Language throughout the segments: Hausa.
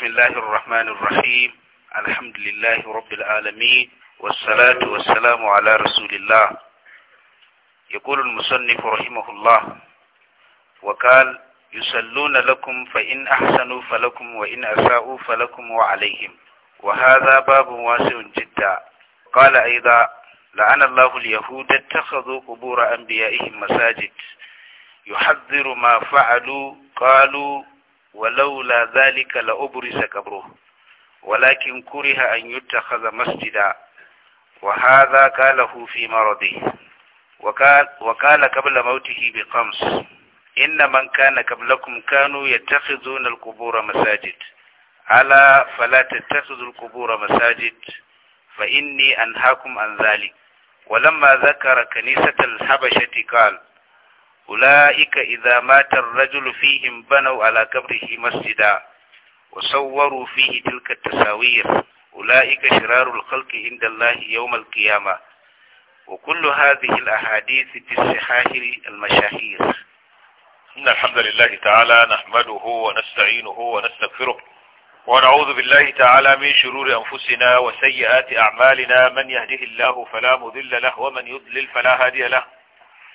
بسم الله الرحمن الرحيم الحمد لله رب العالمين والصلاة والسلام على رسول الله يقول المصنف رحمه الله وقال يصلون لكم فإن أحسنوا فلكم وإن أساءوا فلكم وعليهم وهذا باب واسع جدا قال أيضا لعن الله اليهود اتخذوا قبور أنبيائهم مساجد يحذر ما فعلوا قالوا ولولا ذلك لأبرز قبره ولكن كره أن يتخذ مسجدا وهذا قاله في مرضه وقال, وقال قبل موته بقمص إن من كان قبلكم كانوا يتخذون القبور مساجد ألا فلا تتخذوا القبور مساجد فإني أنهاكم عن ذلك ولما ذكر كنيسة الحبشة قال أولئك إذا مات الرجل فيهم بنوا على قبره مسجدا وصوروا فيه تلك التساوير أولئك شرار الخلق عند الله يوم القيامة وكل هذه الأحاديث في الصحاح المشاهير إن الحمد لله تعالى نحمده ونستعينه ونستغفره ونعوذ بالله تعالى من شرور أنفسنا وسيئات أعمالنا من يهده الله فلا مذل له ومن يضلل فلا هادي له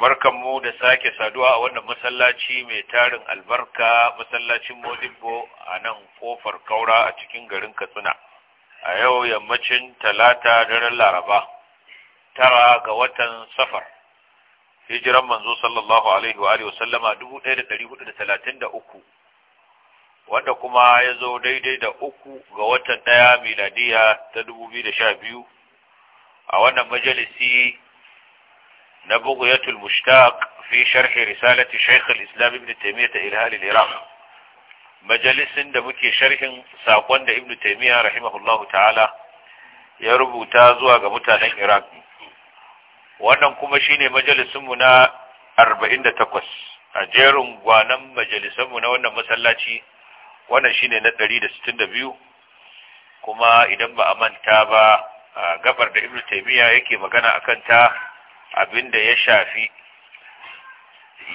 barkanmu da sake saduwa a wannan masallaci mai tarin albarka masallacin modibbo a nan kofar kaura a cikin garin katsina a yau yammacin talata daren laraba tara ga watan safar hijiran manzo sallallahu alaihi wa sallama 1433 wanda kuma ya zo daidai da uku ga watan daya miladiya ta 2012 a wannan majalisi na bughyatul mushtaq fi sharhin risalati shaykh al-islam ibn taymiyyah ila ahli al-iraq da muke sharhin sakon da ibn taymiyyah rahimahullahu ta'ala ya rubuta zuwa ga mutanen iraq wannan kuma shine majalisin mu na 48 a jerin gwanan majalisan na wannan masallaci wannan shine na 162 kuma idan ba a manta ba gabar da ibn taymiyyah yake magana akan ta Abin da ya shafi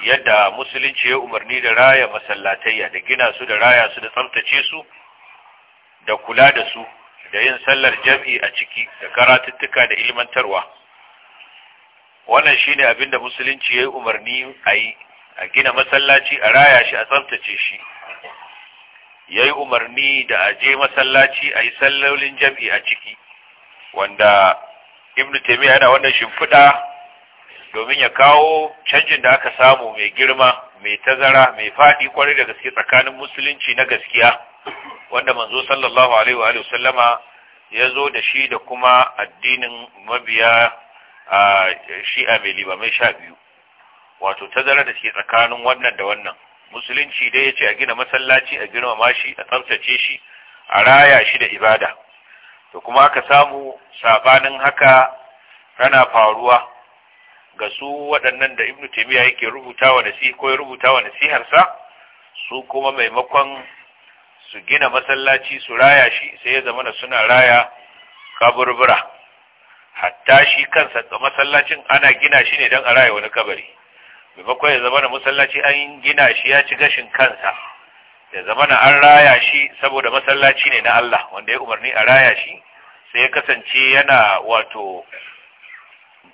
yadda musulunci ya umarni da raya masallatayya da gina su da raya su da tsamtace su da kula da su da yin sallar jam'i a ciki da karatuttuka da ilmantarwa wannan shine abinda musulunci ya umarni a yi a gina masallaci a raya shi a tsamtace shi ya yi umarni da a je masallaci a yi sallolin jam'i a ciki wanda ibn taimiyya yana wannan shimfiɗa domin ya kawo canjin da aka samu mai girma mai tazara mai faɗi kwarai da gaske tsakanin musulunci na gaskiya wanda manzo sallallahu alaihi wa sallama ya zo da shi da kuma addinin mabiya a shi'a mai limamai sha biyu wato tazara da ke tsakanin wannan da wannan musulunci dai ya ce a gina masallaci a girmama shi a tsaftace shi a raya shi da ibada to kuma aka samu sabanin haka tana faruwa ga su waɗannan da ibnu taymiya yake rubutawa nasiha ko ya rubutawa su kuma maimakon su gina masallaci su raya shi sai ya zama suna raya kaburbura hatta shi kansa masallacin ana gina shi ne don a raya wani kabari maimakon ya zama masallaci an gina shi ya ci gashin kansa ya zama an raya shi saboda masallaci ne na Allah wanda ya umarni a raya shi sai ya kasance yana wato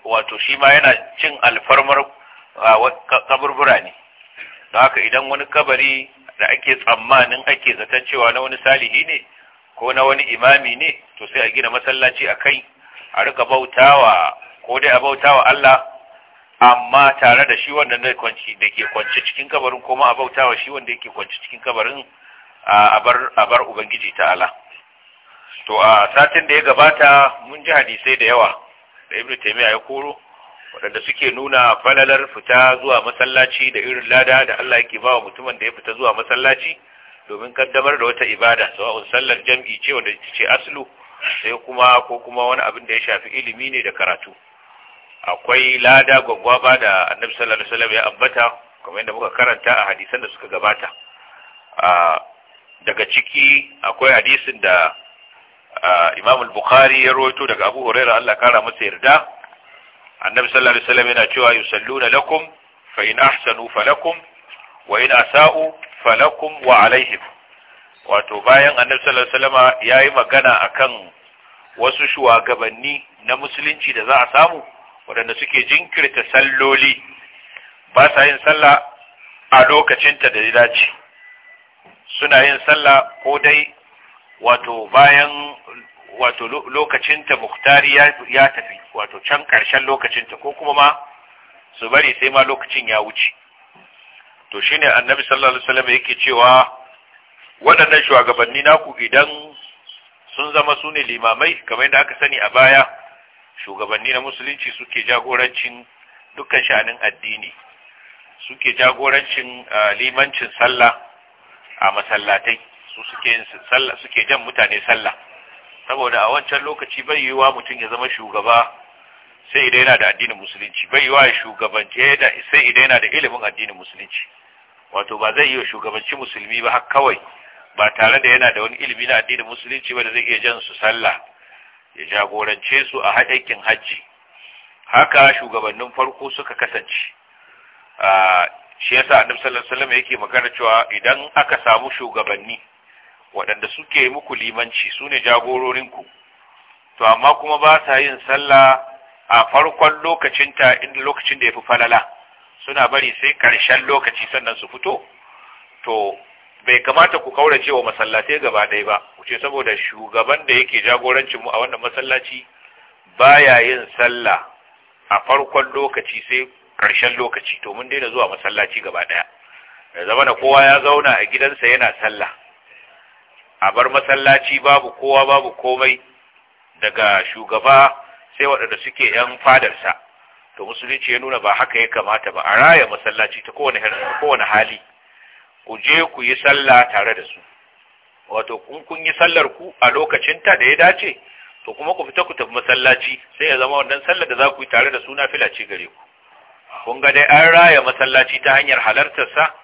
wato shi ma yana cin alfarmar kaburbura ne da haka idan wani kabari da ake tsammanin ake zaton cewa na wani salihi ne ko na wani imami ne to sai a gina masallaci a kai a rika bautawa ko dai a bautawa Allah amma tare da shi wanda da ke kwanci cikin kabarin kuma a bautawa shi wanda yake kwanci cikin kabarin a bar ubangiji ta'ala to a satin da ya gabata mun ji hadisai da yawa da ibnu taymiya ya koro waɗanda suke nuna falalar fita zuwa masallaci da irin lada da Allah yake bawa mutumin da ya fita zuwa masallaci domin kaddamar da wata ibada sawa'un sallar jam'i ce wanda ce aslu sai kuma ko kuma wani abin da ya shafi ilimi ne da karatu akwai lada gwagwaba da annabi sallallahu alaihi wasallam ya ambata kamar yadda muka karanta a hadisan da suka gabata ah, daga ciki akwai hadisin da imam bukhari ya rawaito daga abu huraira Allah kara masa yarda annabi sallallahu alaihi wasallam yana cewa yusalluna lakum fa in ahsanu falakum wa in asa'u falakum wa alaihim wato bayan annabi sallallahu alaihi wasallam yayi magana akan wasu shugabanni na musulunci da za a samu waɗanda suke jinkirta salloli ba sa yin sallah a lokacinta da ya dace suna yin sallah ko dai wato bayan wato lokacinta muktari ya tafi wato can ƙarshen lokacinta ko kuma ma su bari sai ma lokacin ya wuce to shine annabi sallallahu alaihi wasallam yake cewa waɗannan shugabanni naku idan sun zama su ne limamai kamar yadda aka sani a baya shugabanni na musulunci suke jagorancin dukkan sha'anin addini suke jagorancin ah, limancin sallah a masallatai su suke yin sallah suke jan mutane sallah saboda a wancan lokaci bai yiwuwa mutum ya zama shugaba sai idan yana da addinin musulunci bai yiwuwa ya shugabanci, da sai idan yana da ilimin addinin musulunci wato ba zai yi shugabanci musulmi ba har kawai ba tare da yana da wani ilimi na addinin musulunci ba da zai iya jan su sallah ya jagorance su a haƙƙin hajji haka shugabannin farko suka kasance ah, shi yasa annabi sallallahu alaihi wasallam yake magana cewa idan aka samu shugabanni waɗanda suke muku limanci su ne jagororinku to amma kuma ba sa yin sallah a farkon lokacinta inda lokacin da ya fi falala suna bari sai ƙarshen lokaci sannan su fito to bai kamata ku kaura cewa masallatai gaba ɗaya ba ku saboda shugaban da yake jagorancin mu a wannan masallaci ba ya yin sallah a farkon lokaci sai ƙarshen lokaci to mun daina zuwa masallaci gaba ɗaya da zama na kowa ya zauna a gidansa yana sallah a bar masallaci babu kowa babu komai daga shugaba sai waɗanda suke 'yan fadarsa to musulunci ya nuna ba haka ya kamata ba a raya masallaci ta kowane hali ku je ku yi sallah tare da su wato kun kun yi sallar ku a lokacinta da ya dace to kuma ku fita ku tafi masallaci sai ya zama wannan sallar da za ku yi tare da su na ce gare ku kun ga dai an raya masallaci ta hanyar halartarsa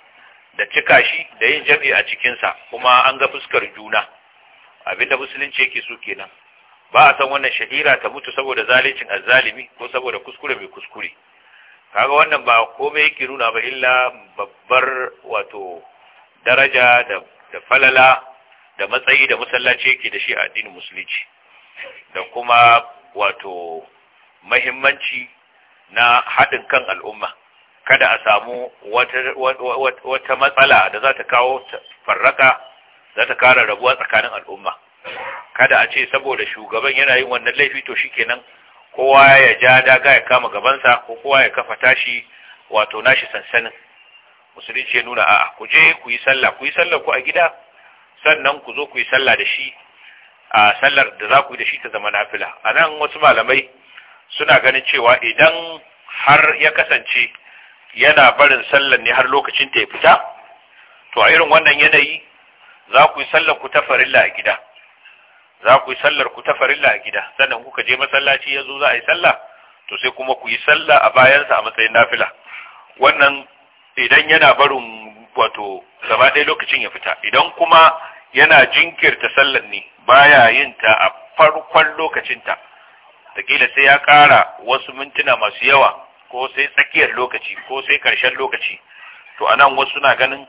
da cika shi da yin jam'i a cikinsa kuma an ga fuskar juna abinda musulunci yake so kenan ba a san wannan shahira ta mutu saboda zalicin azzalimi ko saboda kuskure mai kuskure kaga wannan ba komai yake nuna ba illa babbar wato daraja da da falala da matsayi da masallaci yake da shi a addinin musulunci da kuma wato mahimmanci na haɗin kan al'umma kada a samu wata matsala da za ta kawo farraka za ta kara rabuwa tsakanin al'umma kada a ce saboda shugaban yana yin wannan laifi to shi shikenan kowa ya ja daga ya kama gabansa ko kowa ya kafa tashi wato nashi sansanin musulunci ya nuna a'a ku je ku yi sallah ku yi sallah ku a gida sannan ku zo ku yi sallah da shi a sallar da za ku yi da shi ta zama nafila a nan wasu malamai suna ganin cewa idan har ya kasance yana barin sallan ne har lokacin ta ya fita to a irin wannan yanayi za ku yi sallar ku ta farilla a gida za ku yi sallar ku ta farilla a gida sannan kuka je masallaci ya zo za a yi sallah to sai kuma ku yi sallah a bayansa a matsayin nafila wannan idan yana barin wato gaba ɗaya lokacin ya fita idan kuma yana jinkirta sallar ne baya yin ta a farkon lokacinta da sai ya ƙara wasu mintuna masu yawa ko sai tsakiyar lokaci ko sai karshen lokaci to anan wasu suna ganin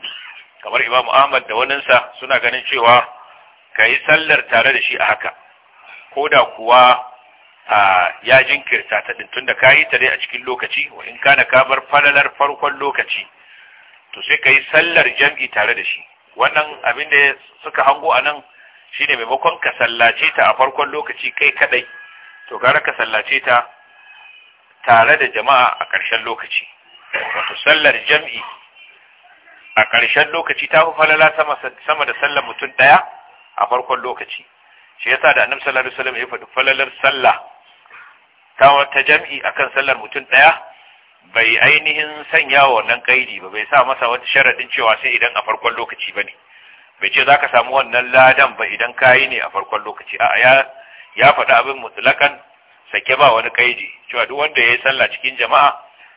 kamar imamu ahmad da waninsa suna ganin cewa ka yi sallar tare da shi a haka ko da kuwa ya jinkirta ta ɗin da ka yi ta dai a cikin lokaci wa in kana ka bar falalar farkon lokaci to sai ka yi sallar jam'i tare da shi wannan abin da suka hango a nan shine maimakon ka sallace ta a farkon lokaci kai kaɗai, to gara ka sallace ta tare da jama'a a ƙarshen lokaci wato sallar jam'i a ƙarshen lokaci ta fi falala sama da sallar mutum ɗaya a farkon lokaci shi yasa da annabi sallallahu alaihi wasallam ya faɗi falalar sallah ta wata jam'i akan sallar mutum ɗaya bai ainihin sanya wa wannan kaidi ba bai sa masa wata sharaɗin cewa sai idan a farkon lokaci ba ne. bai ce za ka samu wannan ladan ba idan ka yi ne a farkon lokaci a'a ya faɗi abin mutulakan sake ba wani kaidi cewa duk wanda ya yi sallah cikin jama'a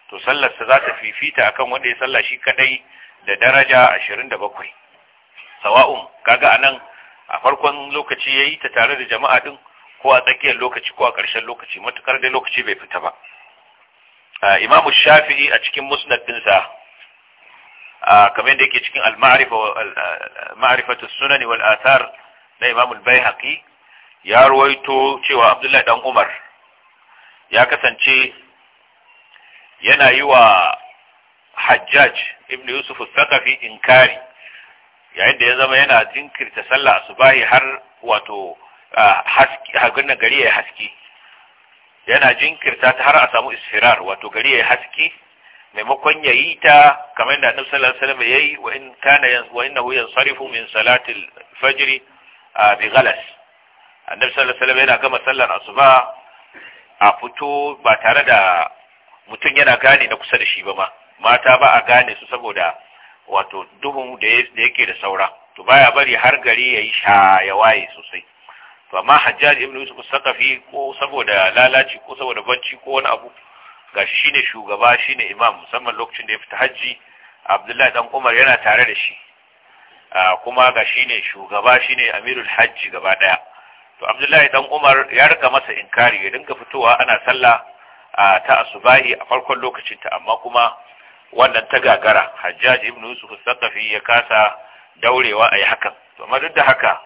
to sallarsa za ta fifita akan wanda ya sallah shi kadai da daraja ashirin da 27 sawa'un kaga anan a farkon lokaci ya yi ta tare da jama'a din ko a tsakiyar lokaci ko a ƙarshen lokaci matukar dai lokaci bai fita ba imamu shafi'i a cikin musnad dinsa kamar yadda yake cikin al-ma'rifatu Sunani wal athar na imamu al-baihaqi ya ruwaito cewa abdullahi dan umar ya kasance yana yi wa hajjaj ibn yusuf sakafi inkari yayin da ya zama yana jinkirta sallah asubahi har wato haske hagunan gari ya haske yana jinkirta ta har a samu isfirar wato gari ya haske maimakon ya yi ta kamar da annabi sallallahu alaihi wasallam yayi wa in kana wa innahu yansarifu min salatil fajr bi ghalas annabi sallallahu alaihi wasallam yana kama sallar asuba a fito ba tare da mutum yana gane na kusa da shi ba ma mata ba a gane su saboda wato duhun da yake da saura to baya bari har gari ya yi sha ya waye sosai to amma hajjaj ibn yusuf sakafi ko saboda lalaci ko saboda bacci ko wani abu gashi shine shugaba shine imam musamman lokacin da ya fita hajji abdullahi dan umar yana tare da shi ah, kuma gashi ne shugaba shine amirul hajji gaba daya to abdullahi dan umar ya rika masa inkari ya dinga fitowa ana sallah ta asubahi a farkon lokacin ta amma kuma wannan ta gagara hajjaj ibn yusuf sakafi ya kasa daurewa a yi hakan to amma duk da haka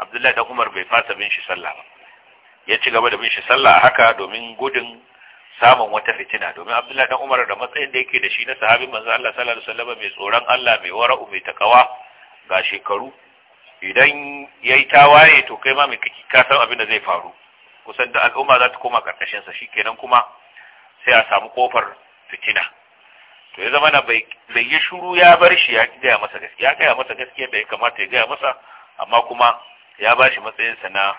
abdullahi dan umar bai fasa bin shi sallah ba ya ci gaba da bin shi sallah haka domin gudun samun wata fitina domin abdullahi dan umar da matsayin da yake da shi na sahabin manzo Allah sallallahu alaihi wasallam mai tsoron Allah mai wara'u mai takawa ga shekaru idan ya yi tawaye to kai ma mai san abin da zai faru kusan da al'umma za ta koma ƙarƙashinsa shi kenan kuma sai a samu kofar fitina to ya zama na bai yi shuru ya bar shi ya gaya masa gaskiya ya gaya masa gaskiya da ya kamata ya gaya masa amma kuma ya ba shi matsayinsa na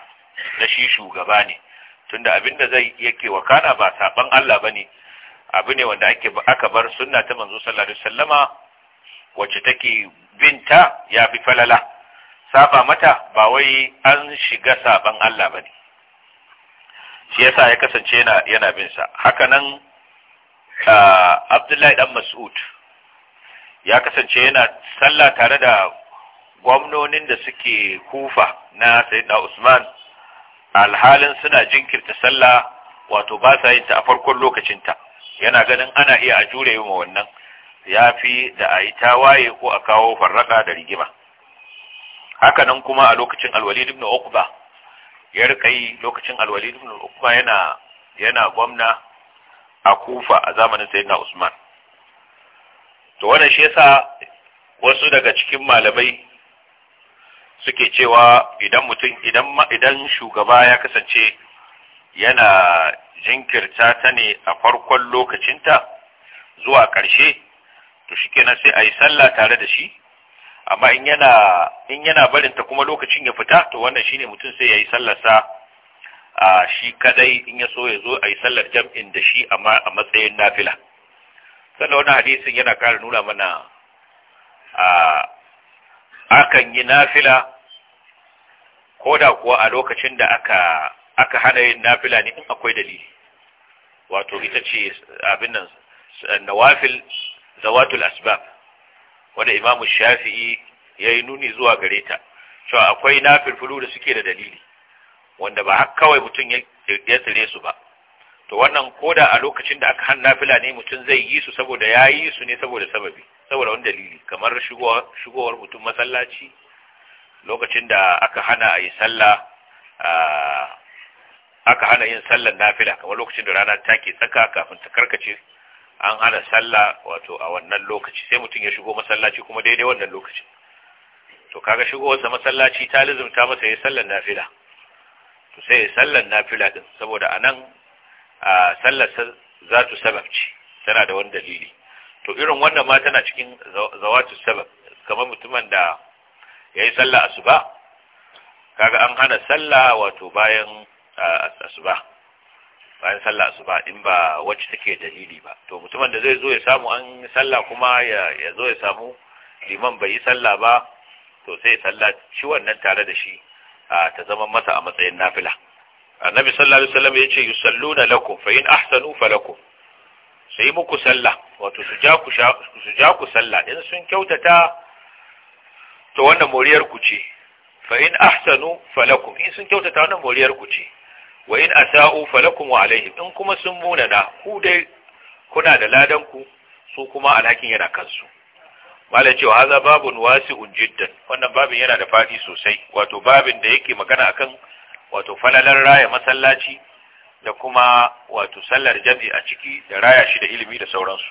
na shi shugaba ne tunda abin da zai yake wakana ba saban Allah bane abu ne wanda ake aka bar sunna ta manzo sallallahu alaihi wasallama wacce take binta ya fi falala saba mata ba wai an shiga saban Allah bane shi yasa ya kasance yana bin sa haka nan Abdullahi dan Mas'ud ya kasance yana sallah tare da gwamnonin da suke Kufa na Sayyidina Usman alhalin suna jinkirta sallah wato ba sa yin ta a farkon lokacinta yana ganin ana iya a jure yi wannan ya fi da a yi ta waye ko a kawo farraka da rigima haka nan kuma a lokacin alwalid ibn uqba ya rika yi lokacin alwalid ibn uqba yana yana gwamna a kufa a zamanin sayyidina usman to wannan shi yasa wasu daga cikin malamai suke cewa idan mutum idan idan shugaba ya kasance yana jinkirta ta ne a farkon lokacinta zuwa ƙarshe to shikenan sai ayi sallah tare da shi amma in yana in yana barin ta kuma lokacin ya fita to wannan shine mutum sai yayi sallar sa a shi kadai in ya so ya zo ayi sallar jam'in da shi amma a matsayin nafila sannan wannan hadisin yana ƙara nuna mana a akan yi nafila ko da kuwa a lokacin da aka aka hana yin nafila ne in akwai dalili wato ita ce abin nan nawafil zawatul asbab wanda imamu Shafi'i ya yi nuni zuwa gare ta cewa akwai nafilfilu da suke da dalili wanda ba haka kawai mutum ya tsire su ba to wannan koda a lokacin da aka hanna fila ne mutum zai yi su saboda ya yi su ne saboda sababi saboda wani dalili kamar shigowar mutum masallaci lokacin da aka hana a yi sallah aka hana yin sallar nafila kamar lokacin da rana ta ke tsaka kafin ta karkace an hana sallah wato a wannan lokaci sai mutum ya shigo masallaci kuma daidai wannan lokacin to kaga shigo shigowarsa masallaci ta lizumta masa ya sallar nafila to sai ya sallar nafila din saboda anan a sallar za ta sababci, tana da wani dalili to irin wannan ma tana cikin zawatu sabab kamar mutumin da ya yi sallah asuba kaga an hana sallah wato bayan asuba bayan sallah su ba in ba wacce take dalili ba to mutumin da zai zo ya samu an sallah kuma ya zo ya samu liman bai yi sallah ba to sai sallah shi wannan tare da shi ta zama masa a matsayin nafila annabi sallallahu alaihi wasallam yace yusalluna lakum fa in ahsanu falakum sai muku sallah wato su ja ku su ja ku sallah in sun kyautata to wannan moriyar ku ce fa in ahsanu falakum in sun kyautata wannan moriyar ku ce wa in asa'u falakum wa alaihim in kuma sun munana ku dai kuna da ladan ku su kuma alhakin yana kansu malai cewa haza babun wasi'un jiddan wannan babin yana da fadi sosai wato babin da yake magana akan wato falalar raya masallaci da kuma wato sallar jam'i a ciki da raya shi da ilimi da sauransu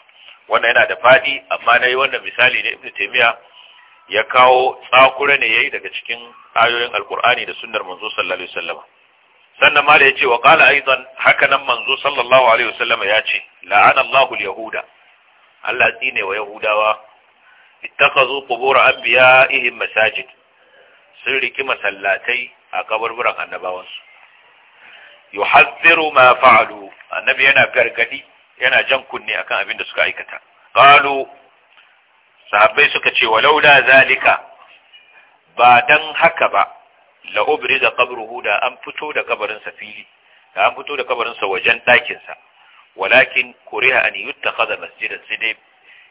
wannan yana da fadi amma nayi wannan misali ne ibnu taymiya ya kawo tsakura ne yayi daga cikin ayoyin Alkur'ani da sunnar manzo sallallahu alaihi wasallam sannan mala yace wa qala aidan haka nan manzo sallallahu alaihi wasallam ya ce la'ana Allahu yahuda Allah tsine wa yahudawa an biya anbiya'ihim masajid sun riki masallatai a kaburburan annabawansu yuhadhdhiru ma fa'alu annabi yana gargadi yana jan kunne akan abin da suka aikata qalu sahabbai suka ce walaula zalika ba dan haka ba la ubriza qabruhu da an fito da kabarin sa fili da an fito da kabarin sa wajen ɗakin sa walakin kuriha an yuttakhadha masjidan sai dai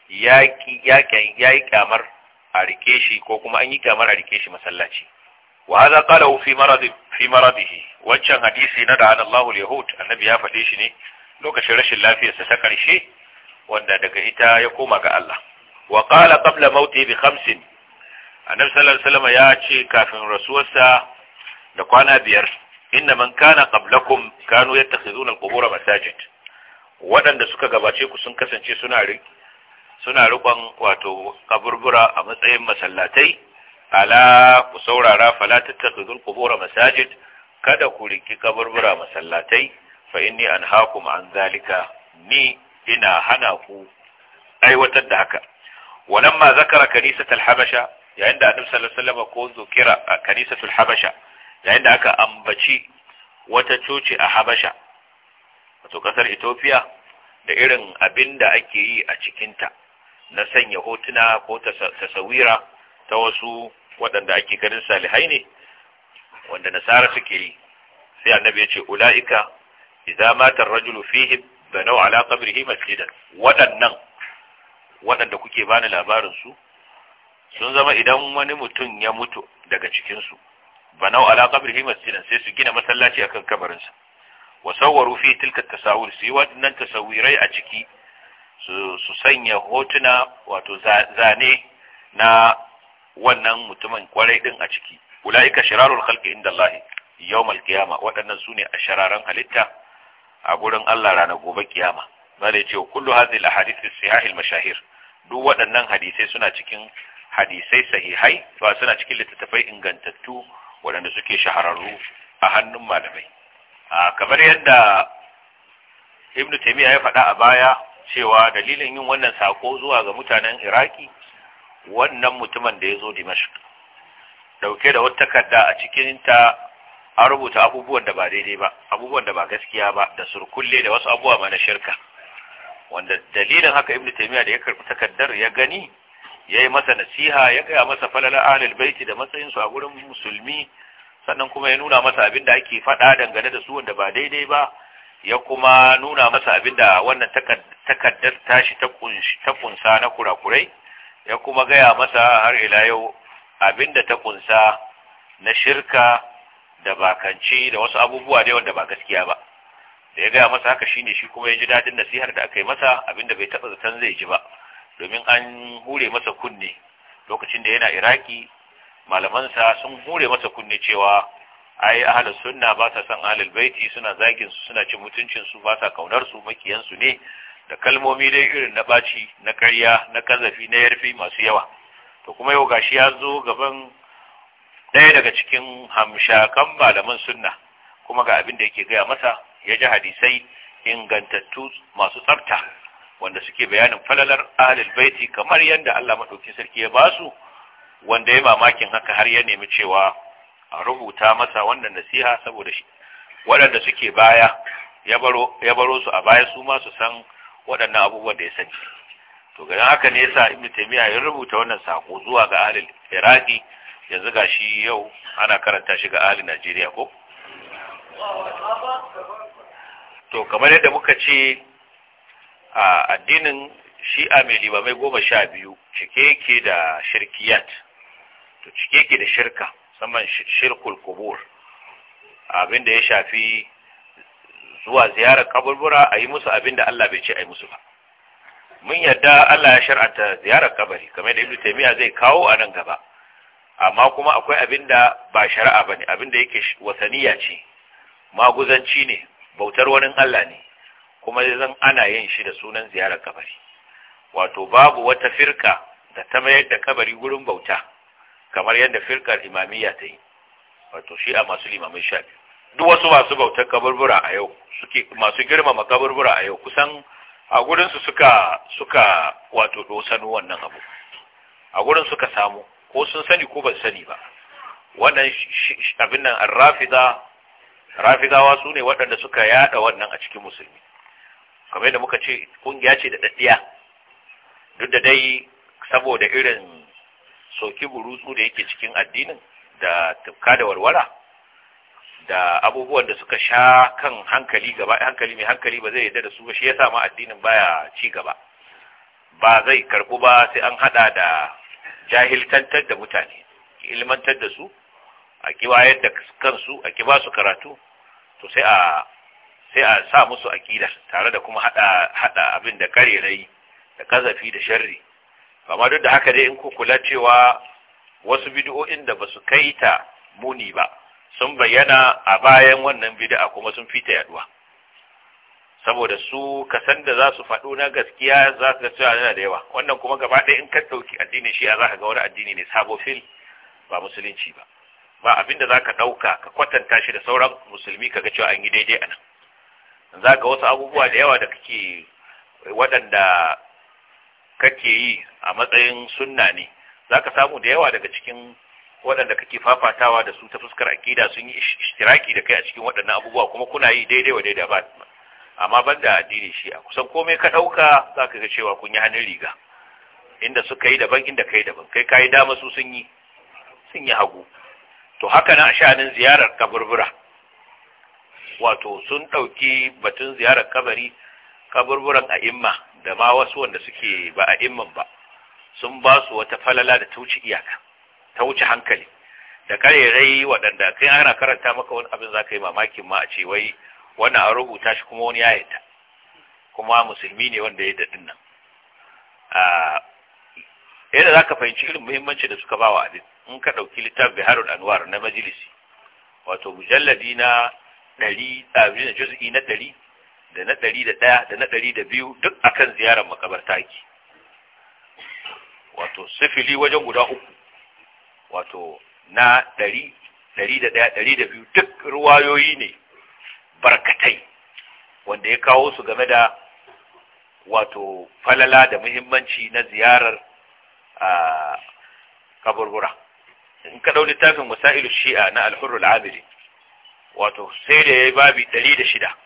yaki yaki yayi kamar a rike shi ko kuma an yi kamar a rike shi masallaci wa hadha qalahu fi maradi fi maradihi wancan hadisi na da Allahu al-yahud annabi ya fade shi ne lokacin rashin lafiyarsa ta ƙarshe wanda daga ita ya koma ga Allah wa qala qabla mauti bi khamsin annabi sallallahu alaihi wasallam ya ce kafin rasuwarsa da kwana biyar inna man kana qablakum kanu yattakhizuna al masajid waɗanda suka gabace ku sun kasance suna suna rikon wato kaburbura a matsayin masallatai ala ku saurara fala tattakhizul qubur masajid kada ku riki kaburbura masallatai fa inni anhaakum an zalika ni ina hana ku aiwatar da haka walamma zakara kanisat al-habasha yayin da annabi sallallahu alaihi wasallam ko zukira a kanisatul habasha yayin da aka ambaci wata coci a habasha wato kasar ethiopia da irin abinda ake yi a cikinta na sanya hotuna ko tasawira ta wasu waɗanda ake ganin salihai ne wanda nasara suke yi sai annabi ya ce ula'ika idza mata ar-rajulu fihim banau ala qabrihi masjidan waɗannan waɗanda kuke bani labarin su sun zama idan wani mutum ya mutu daga cikinsu banau ala himar sinan sai su gina masallaci akan kabarinsa wa sauwaru fi tilka tasawur su yi waɗannan tasawirai a ciki su sanya hotuna wato zane na wannan mutumin kwarai din a ciki ulaika shirarul khalqi inda Allah yawmal qiyama waɗannan su ne a shararan halitta a gurin Allah rana gobe kiyama bare ce kullu hadhihi al ahadith fi sihahil mashahir duk waɗannan hadisai suna cikin hadisai sahihai to suna cikin littattafai ingantattu waɗanda suke shahararru a hannun malamai kamar yadda ibnu taymiya ya faɗa a baya cewa dalilin yin wannan sako zuwa ga mutanen iraki wannan mutumin da ya zo dimashq dauke da wata takarda a cikin ta an rubuta abubuwan da ba daidai ba abubuwan da ba gaskiya ba da surkulle da wasu abubuwa ma na shirka wanda dalilin haka ibnu taymiya da ya karɓi takardar ya gani ya yi masa nasiha ya gaya masa falala alil baiti da matsayinsu a wurin musulmi sannan kuma ya nuna masa abin da ake faɗa dangane da su wanda ba daidai ba ya kuma nuna masa abin da wannan takardar tashi ta kunsa na kurakurai ya kuma gaya masa har ila yau abin da ta kunsa na shirka da bakanci da wasu abubuwa da wanda ba gaskiya ba da ya gaya masa haka shine shi kuma ya ji dadin nasihar da aka yi masa abin da bai taɓa zaton zai ji ba domin an hure masa kunne lokacin da yana iraki malamansa sun hure masa kunne cewa ai ahlus sunna ba sa son ahlul baiti suna zagin suna cin mutuncin su ba sa kaunar su makiyan ne da kalmomi dai irin na baci na karya, na kazafi na yarfi masu yawa to kuma yau gashi ya zo gaban ɗaya daga cikin hamshakan malaman sunna kuma ga abin da yake gaya masa ya ji hadisai ingantattu masu tsafta wanda suke bayanin falalar ahlul baiti kamar yadda Allah madaukakin sarki ya basu wanda ya mamakin haka har ya nemi cewa a rubuta masa wannan nasiha saboda shi waɗanda suke baya ya baro su a baya su ma su san waɗannan abubuwan da ya sani to ga haka ne yasa ibnu taymiya ya rubuta wannan sako zuwa ga ahlul iraqi yanzu gashi yau ana karanta shi ga ahlul najeriya ko to kamar yadda muka ce a addinin shi'a mai limamai goma sha biyu cike ke da shirkiyat to cike yake da shirka saman shirkul kubur abinda ya shafi zuwa ziyarar kaburbura a yi musu abinda Allah bai ce a yi musu ba mun yadda Allah ya shar'anta ziyarar kabari kamar da Ibn taymiya zai kawo a nan gaba amma kuma akwai abinda ba shari'a bane abinda yake wasaniya ce maguzanci ne bautar wani Allah ne kuma zan ana yin shi da sunan ziyarar kabari wato babu wata firka da ta mayar da kabari gurin bauta kamar yadda firkar imamiyya ta yi wato shi a masu limamai sha biyu duk wasu masu bautar kaburbura a yau suke masu girmama kaburbura a yau kusan a su suka suka wato dosanu wannan abu a gurin suka samu ko sun sani ko ban sani ba wannan abin nan arrafida rafidawa su ne waɗanda suka yada wannan a cikin musulmi kamar yadda muka ce kungiya ce da daddiya duk da dai saboda irin soki burutsu da yake cikin addinin da tufka da warwara da abubuwan da suka sha kan hankali gaba hankali mai hankali ba zai yarda da su ba shi ya sa ma addinin baya ci gaba ba zai karbu ba sai an haɗa da jahiltantar da mutane ilmantar da su a kiwayar da kansu a kiba su karatu to sai a sai a sa musu aƙida tare da kuma haɗa abin da rai da kazafi da sharri amma duk da haka dai in ku kula cewa wasu bidiyo'in da ba su kai ta muni ba sun bayyana a bayan wannan bid'a kuma sun fita yaduwa saboda su kasan da za su faɗo na gaskiya za su ga yana da yawa wannan kuma gaba ɗaya in ka ɗauki addini shi a za ka ga wani addini ne sabo fil ba musulunci ba ba abin da za ka ɗauka ka kwatanta shi da sauran musulmi ka ga cewa an yi daidai a nan za ga wasu abubuwa da yawa da kake waɗanda kake yi a matsayin sunna ne za ka samu da yawa daga cikin waɗanda kake fafatawa da su ta fuskar akida sun yi ishtiraki da kai a cikin waɗannan abubuwa kuma kuna yi daidai wa daidai ba amma ban da addini shi a kusan komai ka ɗauka za ka ga cewa kun yi hannun riga inda suka yi daban inda ka yi daban kai ka yi dama su sun yi sun yi hagu to haka na a sha'anin ziyarar kaburbura wato sun ɗauki batun ziyarar kabari kaburburan a'imma da ma wasu wanda suke ba a'imman ba sun ba su wata falala da ta wuce iyaka ta wuce hankali da karerai waɗanda kai ana karanta maka wani abin za ka yi mamakin ma a ce wai wannan a rubuta shi kuma wani ta kuma musulmi ne wanda ya daɗin nan yadda za ka fahimci irin muhimmanci da suka ba wa abin in ka ɗauki littafin biharul anwar na majalisi wato mujalladi na ɗari da juz'i na ɗari da na ɗari da ɗaya da na ɗari da biyu duk akan ziyarar makabarta yake wato sifili wajen guda uku wato na ɗari ɗari da ɗaya ɗari da biyu duk ruwayoyi ne barkatai wanda ya kawo su game da wato falala da muhimmanci na ziyarar a kaburbura in ka ɗau littafin wasa'ilu shi'a na alhurul amiri wato sai da ya yi babi ɗari da shida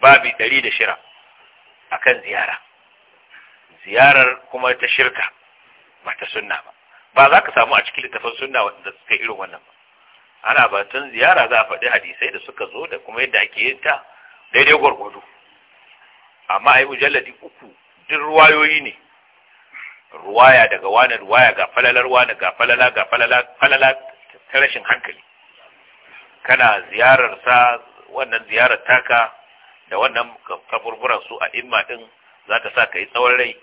babi ɗari da shira a kan ziyara ziyarar kuma ta shirka ba ta sunna ba ba za ka samu a cikin littafin sunna wanda suka irin wannan ba ana batun ziyara za a faɗi hadisai da suka zo da kuma yadda ake yin ta daidai gwargwado amma a yi mujalladi uku duk ruwayoyi ne ruwaya daga wani ruwaya ga falalar wani ga falala ga falala falala ta rashin hankali kana ziyarar wannan ziyarar taka da wannan kaburburan su a imma din za ka sa ka yi tsawon rai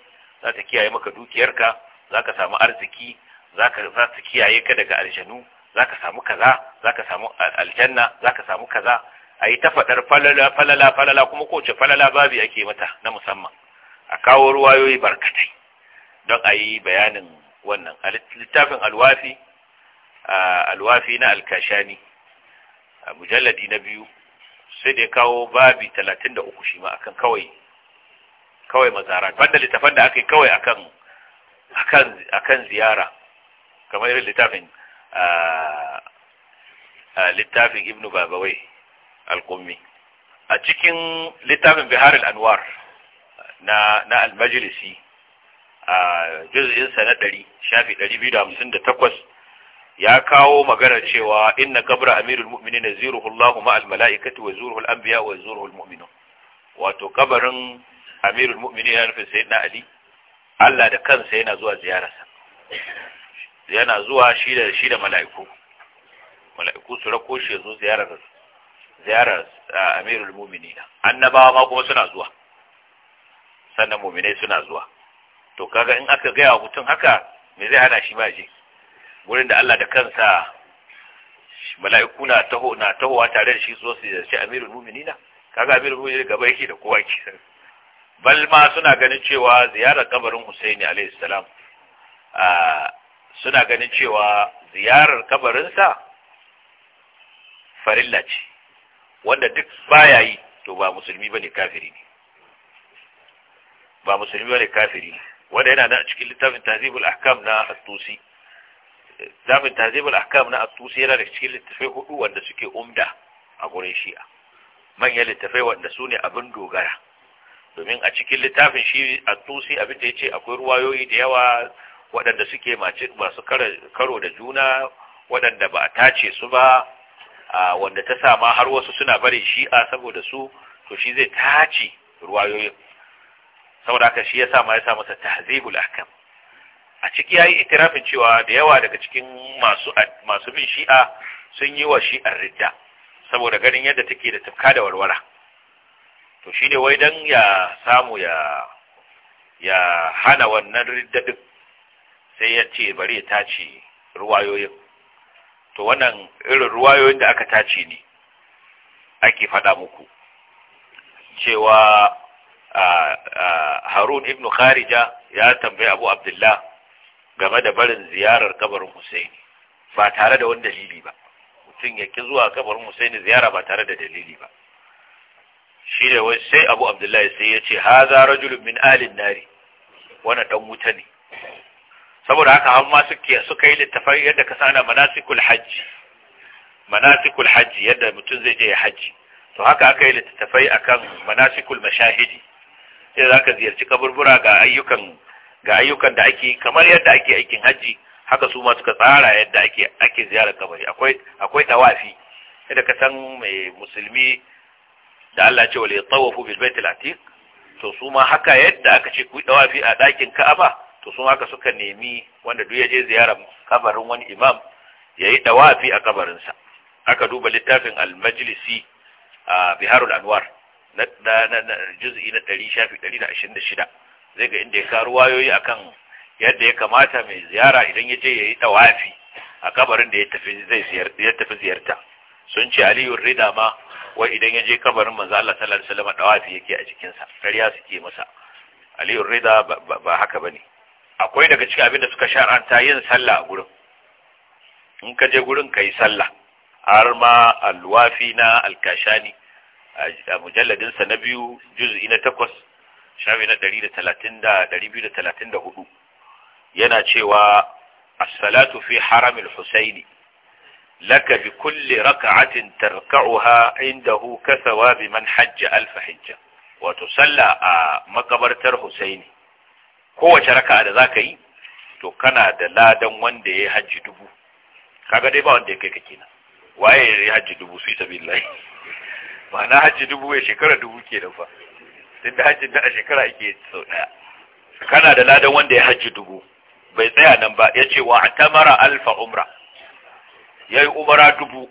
za ta kiyaye maka dukiyarka za ka samu arziki za ta kiyaye ka daga aljanu za ka samu kaza za ka samu aljanna za ka samu kaza a yi ta faɗar falala falala falala kuma kowace falala babi ake mata na musamman a kawo ruwayoyi barkatai don a yi bayanin wannan littafin alwafi alwafi na alkashani mujalladi na biyu sai da ya kawo babi talatin da uku shi ma akan kawai kawai mazara banda littafan da aka yi kawai akan akan akan ziyara kamar irin littafin littafin ibn babawai al-qummi a cikin littafin bihar al-anwar na na al-majlisi a juz'in sanad 100 shafi 258 ya kawo magana cewa inna kabra amirul mu'minin na ziruhu Allahu ma'al mala'ikati wa zuruhu anbiya, wa zuruhu al'mu'minu wato kabarin amirul mu'minin yana nufin sayyidina Ali Allah da kansa yana zuwa ziyararsa yana zuwa shi da shi da mala'iku mala'iku su rako shi zo ziyarar ziyarar amirul mu'minin annabawa ma kuma suna zuwa sannan mu'minai suna zuwa to kaga in aka gaya mutum haka me zai hana shi ma je wurin da Allah da kansa mala'iku na taho na tahowa tare da shi so su ziyarci amirul mu'minina kaga amirul mu'minina gaba yake da kowa ke bal ma suna ganin cewa ziyarar kabarin Husaini alayhi salam suna ganin cewa ziyarar sa farilla ce wanda duk baya yi to ba musulmi bane kafiri ne ba musulmi bane kafiri wanda yana da cikin littafin tazibul ahkam na at-tusi littafin tazibul ahkam na atusi yana da cikin littafai hudu wanda suke umda a gurin shi'a manyan littafai wanda su ne abin dogara domin a cikin littafin shi atusi abin da ya ce akwai ruwayoyi da yawa waɗanda suke masu karo da juna waɗanda ba a tace su ba wanda ta sama har wasu suna barin shi'a saboda su to shi zai tace ruwayoyin saboda haka shi ya sa ma ya sa masa tahzibul ahkam a ciki ya yi itirafin cewa da yawa daga cikin masu bin shi'a sun yi wa shi'ar ridda saboda ganin yadda take da tafka da warwara to shi ne wai don ya samu ya hana wannan ridda duk sai ya ce bari ya tace ruwayoyin to wannan irin ruwayoyin da aka tace ne ake faɗa muku cewa harun ibn kharija ya tambayi abu Abdullahi. game da barin ziyarar kabarin Husaini ba tare da wani dalili ba mutum ya ki zuwa kabarin Husaini ziyara ba tare da dalili ba shi da wai sai Abu Abdullahi sai ya ce ha rajulun min alin nari wani dan wuta ne saboda haka har ma suke suka yi yadda ka sana manasikul hajji manasikul hajji yadda mutum zai je ya hajji to haka aka yi littafai akan manasikul mashahidi sai zaka ziyarci kaburbura ga ayyukan ga ayyukan da ake kamar yadda ake aikin hajji haka su ma suka tsara yadda ake ake ziyarar kabari akwai akwai tawafi yadda ka san mai musulmi da Allah ce wale tawafu bil baitil atiq to su ma haka yadda aka ce ku tawafi a dakin Ka'aba to su ma haka suka nemi wanda duk ya je ziyarar kabarin wani imam yayi tawafi a kabarinsa aka duba littafin al-majlisi a Biharul Anwar na juz'i na 126 zai ga inda ya karu wayoyi akan yadda ya kamata mai ziyara idan ya je ya yi tawafi a kabarin da ya tafi ziyarta sun ce aliyu rida ma wai idan ya je kabarin manzo Allah sallallahu alaihi wasallam tawafi yake a cikin sa kariya suke masa aliyu rida ba haka bane akwai daga cikin abin da suka shar'anta yin sallah a gurin in ka je gurin kai sallah har ma alwafi na alkashani a mujalladin sa na biyu juz'i na takwas shafi na hudu, yana cewa as fi haramil husaini laka bi kulli raka'atin tarka'uha indahu ka thawabi man hajja alf hajja wato salla a makabartar husaini kowace raka'a da zaka yi to kana da ladan wanda ya hajji dubu kaga dai ba wanda ya kai ka kenan waye ya hajji dubu fi sabilillah ma'ana hajji dubu ya shekara dubu ke da fa da da a shekara sau ɗaya kana da ladan wanda ya hajji dubu bai tsaya nan ba ya ce wa tamara alfa umra ya yi umara dubu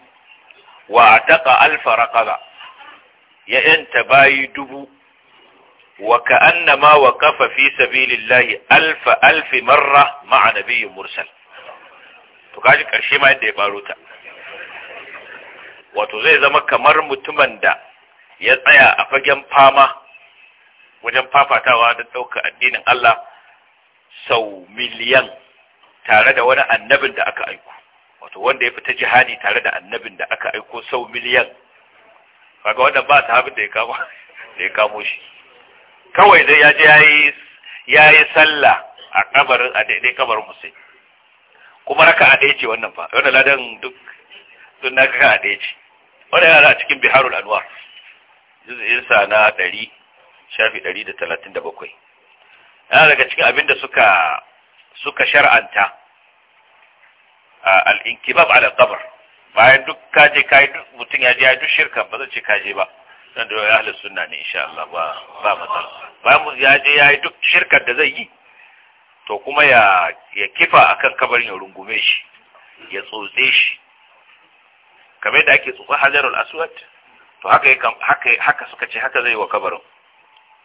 wa taƙa alfa raƙaba ya yanta bayi dubu wa ka'annama wa kafa fi sabilillahi alfa alfi marra ma'a nabiyyin mursal to kaji ƙarshe ma yadda ya faru ta wato zai zama kamar mutumin da ya tsaya a fagen fama wajen fafatawa don ɗaukar addinin Allah sau miliyan tare da wani annabin da aka aiko wato wanda ya fita jihadi tare da annabin da aka aiko sau miliyan kaga wannan ba ta abin da ya kamo da ya kamo shi kawai dai ya je ya yi sallah a kabarin a daidai kabarin musai kuma raka a ɗaya ce wannan fa wannan ladan duk sun na kaka a ɗaya ce wannan yana a cikin biharul anwar juz'insa na ɗari shafi bakwai. yana daga cikin abinda suka suka shar'anta al-inkibab ala qabr bayan duk kaje kai mutum, ya je ya duk shirka ba zai ce kaje ba dan da ahlus sunna ne insha Allah ba ba matsala bayan mu ya je ya yi duk shirkar da zai yi to kuma ya ya kifa akan kabarin ya rungume shi ya tsotse shi kamar yadda ake tsotsa hajarul aswad to haka haka haka suka ce haka zai wa kabarin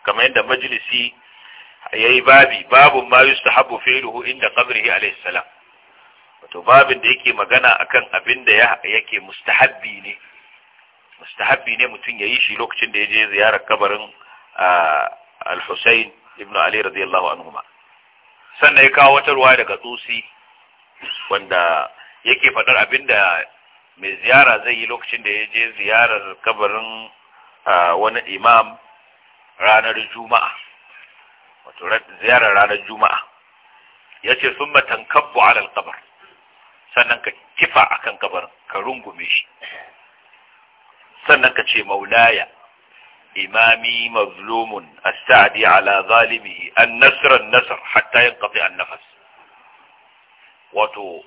kamar yadda majalisi yayi babi babun ma yustahabbu fi'luhu inda qabrihi alayhi salam wato babin da yake magana akan abin da yake mustahabbi ne mustahabbi ne mutum yi shi lokacin da je ziyarar kabarin al-Husayn ibn Ali radiyallahu ma sannan ya kawo wata ruwa daga tsusi wanda yake faɗar abin da mai ziyara zai yi lokacin da ya je ziyarar kabarin wani imam ranar juma'a wato ziyarar ranar juma'a ya ce sun matan matankabbu alal kabar sannan ka kifa a kan kabarin ka rungume shi sannan ka ce maulaya imami mazlumun as-sa'di ala zalimihi an nasiran an-nasr hatta yanqati an-nafas wato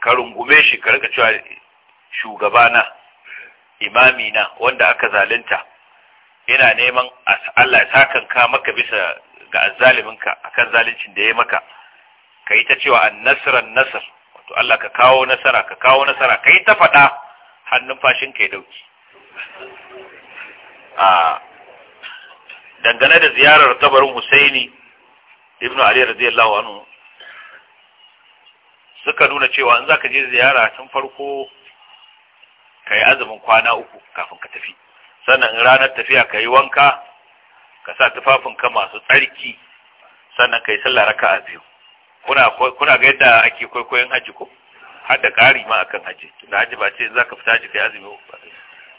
ka rungume shi ka rika cewa shugabana imamina wanda aka zalunta yana neman Allah ya sakanka maka bisa ga azzaliminka akan zalincin da ya maka kai ta cewa annasr annasr an wato Allah ka kawo nasara ka kawo nasara kai ta fada hannun fashin kai dauki a dangane da ziyarar kabarin Husaini ibn Ali radiyallahu anhu suka nuna cewa in zaka je ziyara tun farko kai azumin kwana uku kafin ka tafi sannan in ranar tafiya ka yi wanka ka sa tufafinka masu tsarki sannan ka yi sallah raka a biyu kuna ga yadda ake kwaikwayon hajji ko har da ƙari ma akan hajji tunda hajji ba ce za ka fita hajji kai azumi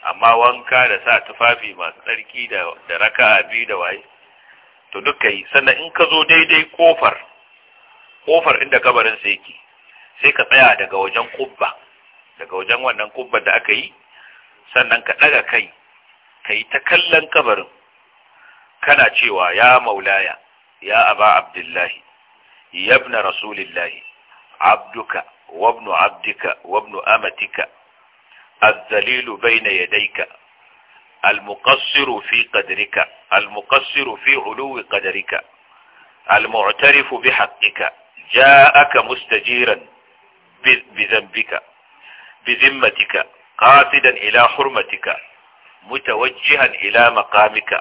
amma wanka da sa tufafi masu tsarki da raka a biyu da waye to duk ka yi sannan in ka zo daidai kofar kofar inda kabarin sa yake sai ka tsaya daga wajen kubba daga wajen wannan kubba da aka yi sannan ka ɗaga kai kai ta kallon kabarin kana cewa ya maulaya ya aba abdullahi ya ibn rasulillahi abduka wa wabnu abdika wa wabnu amatika الذليل بين يديك المقصر في قدرك المقصر في علو قدرك المعترف بحقك جاءك مستجيرا بذنبك بذمتك قاصدا إلى حرمتك mutawajjihan ila maqamika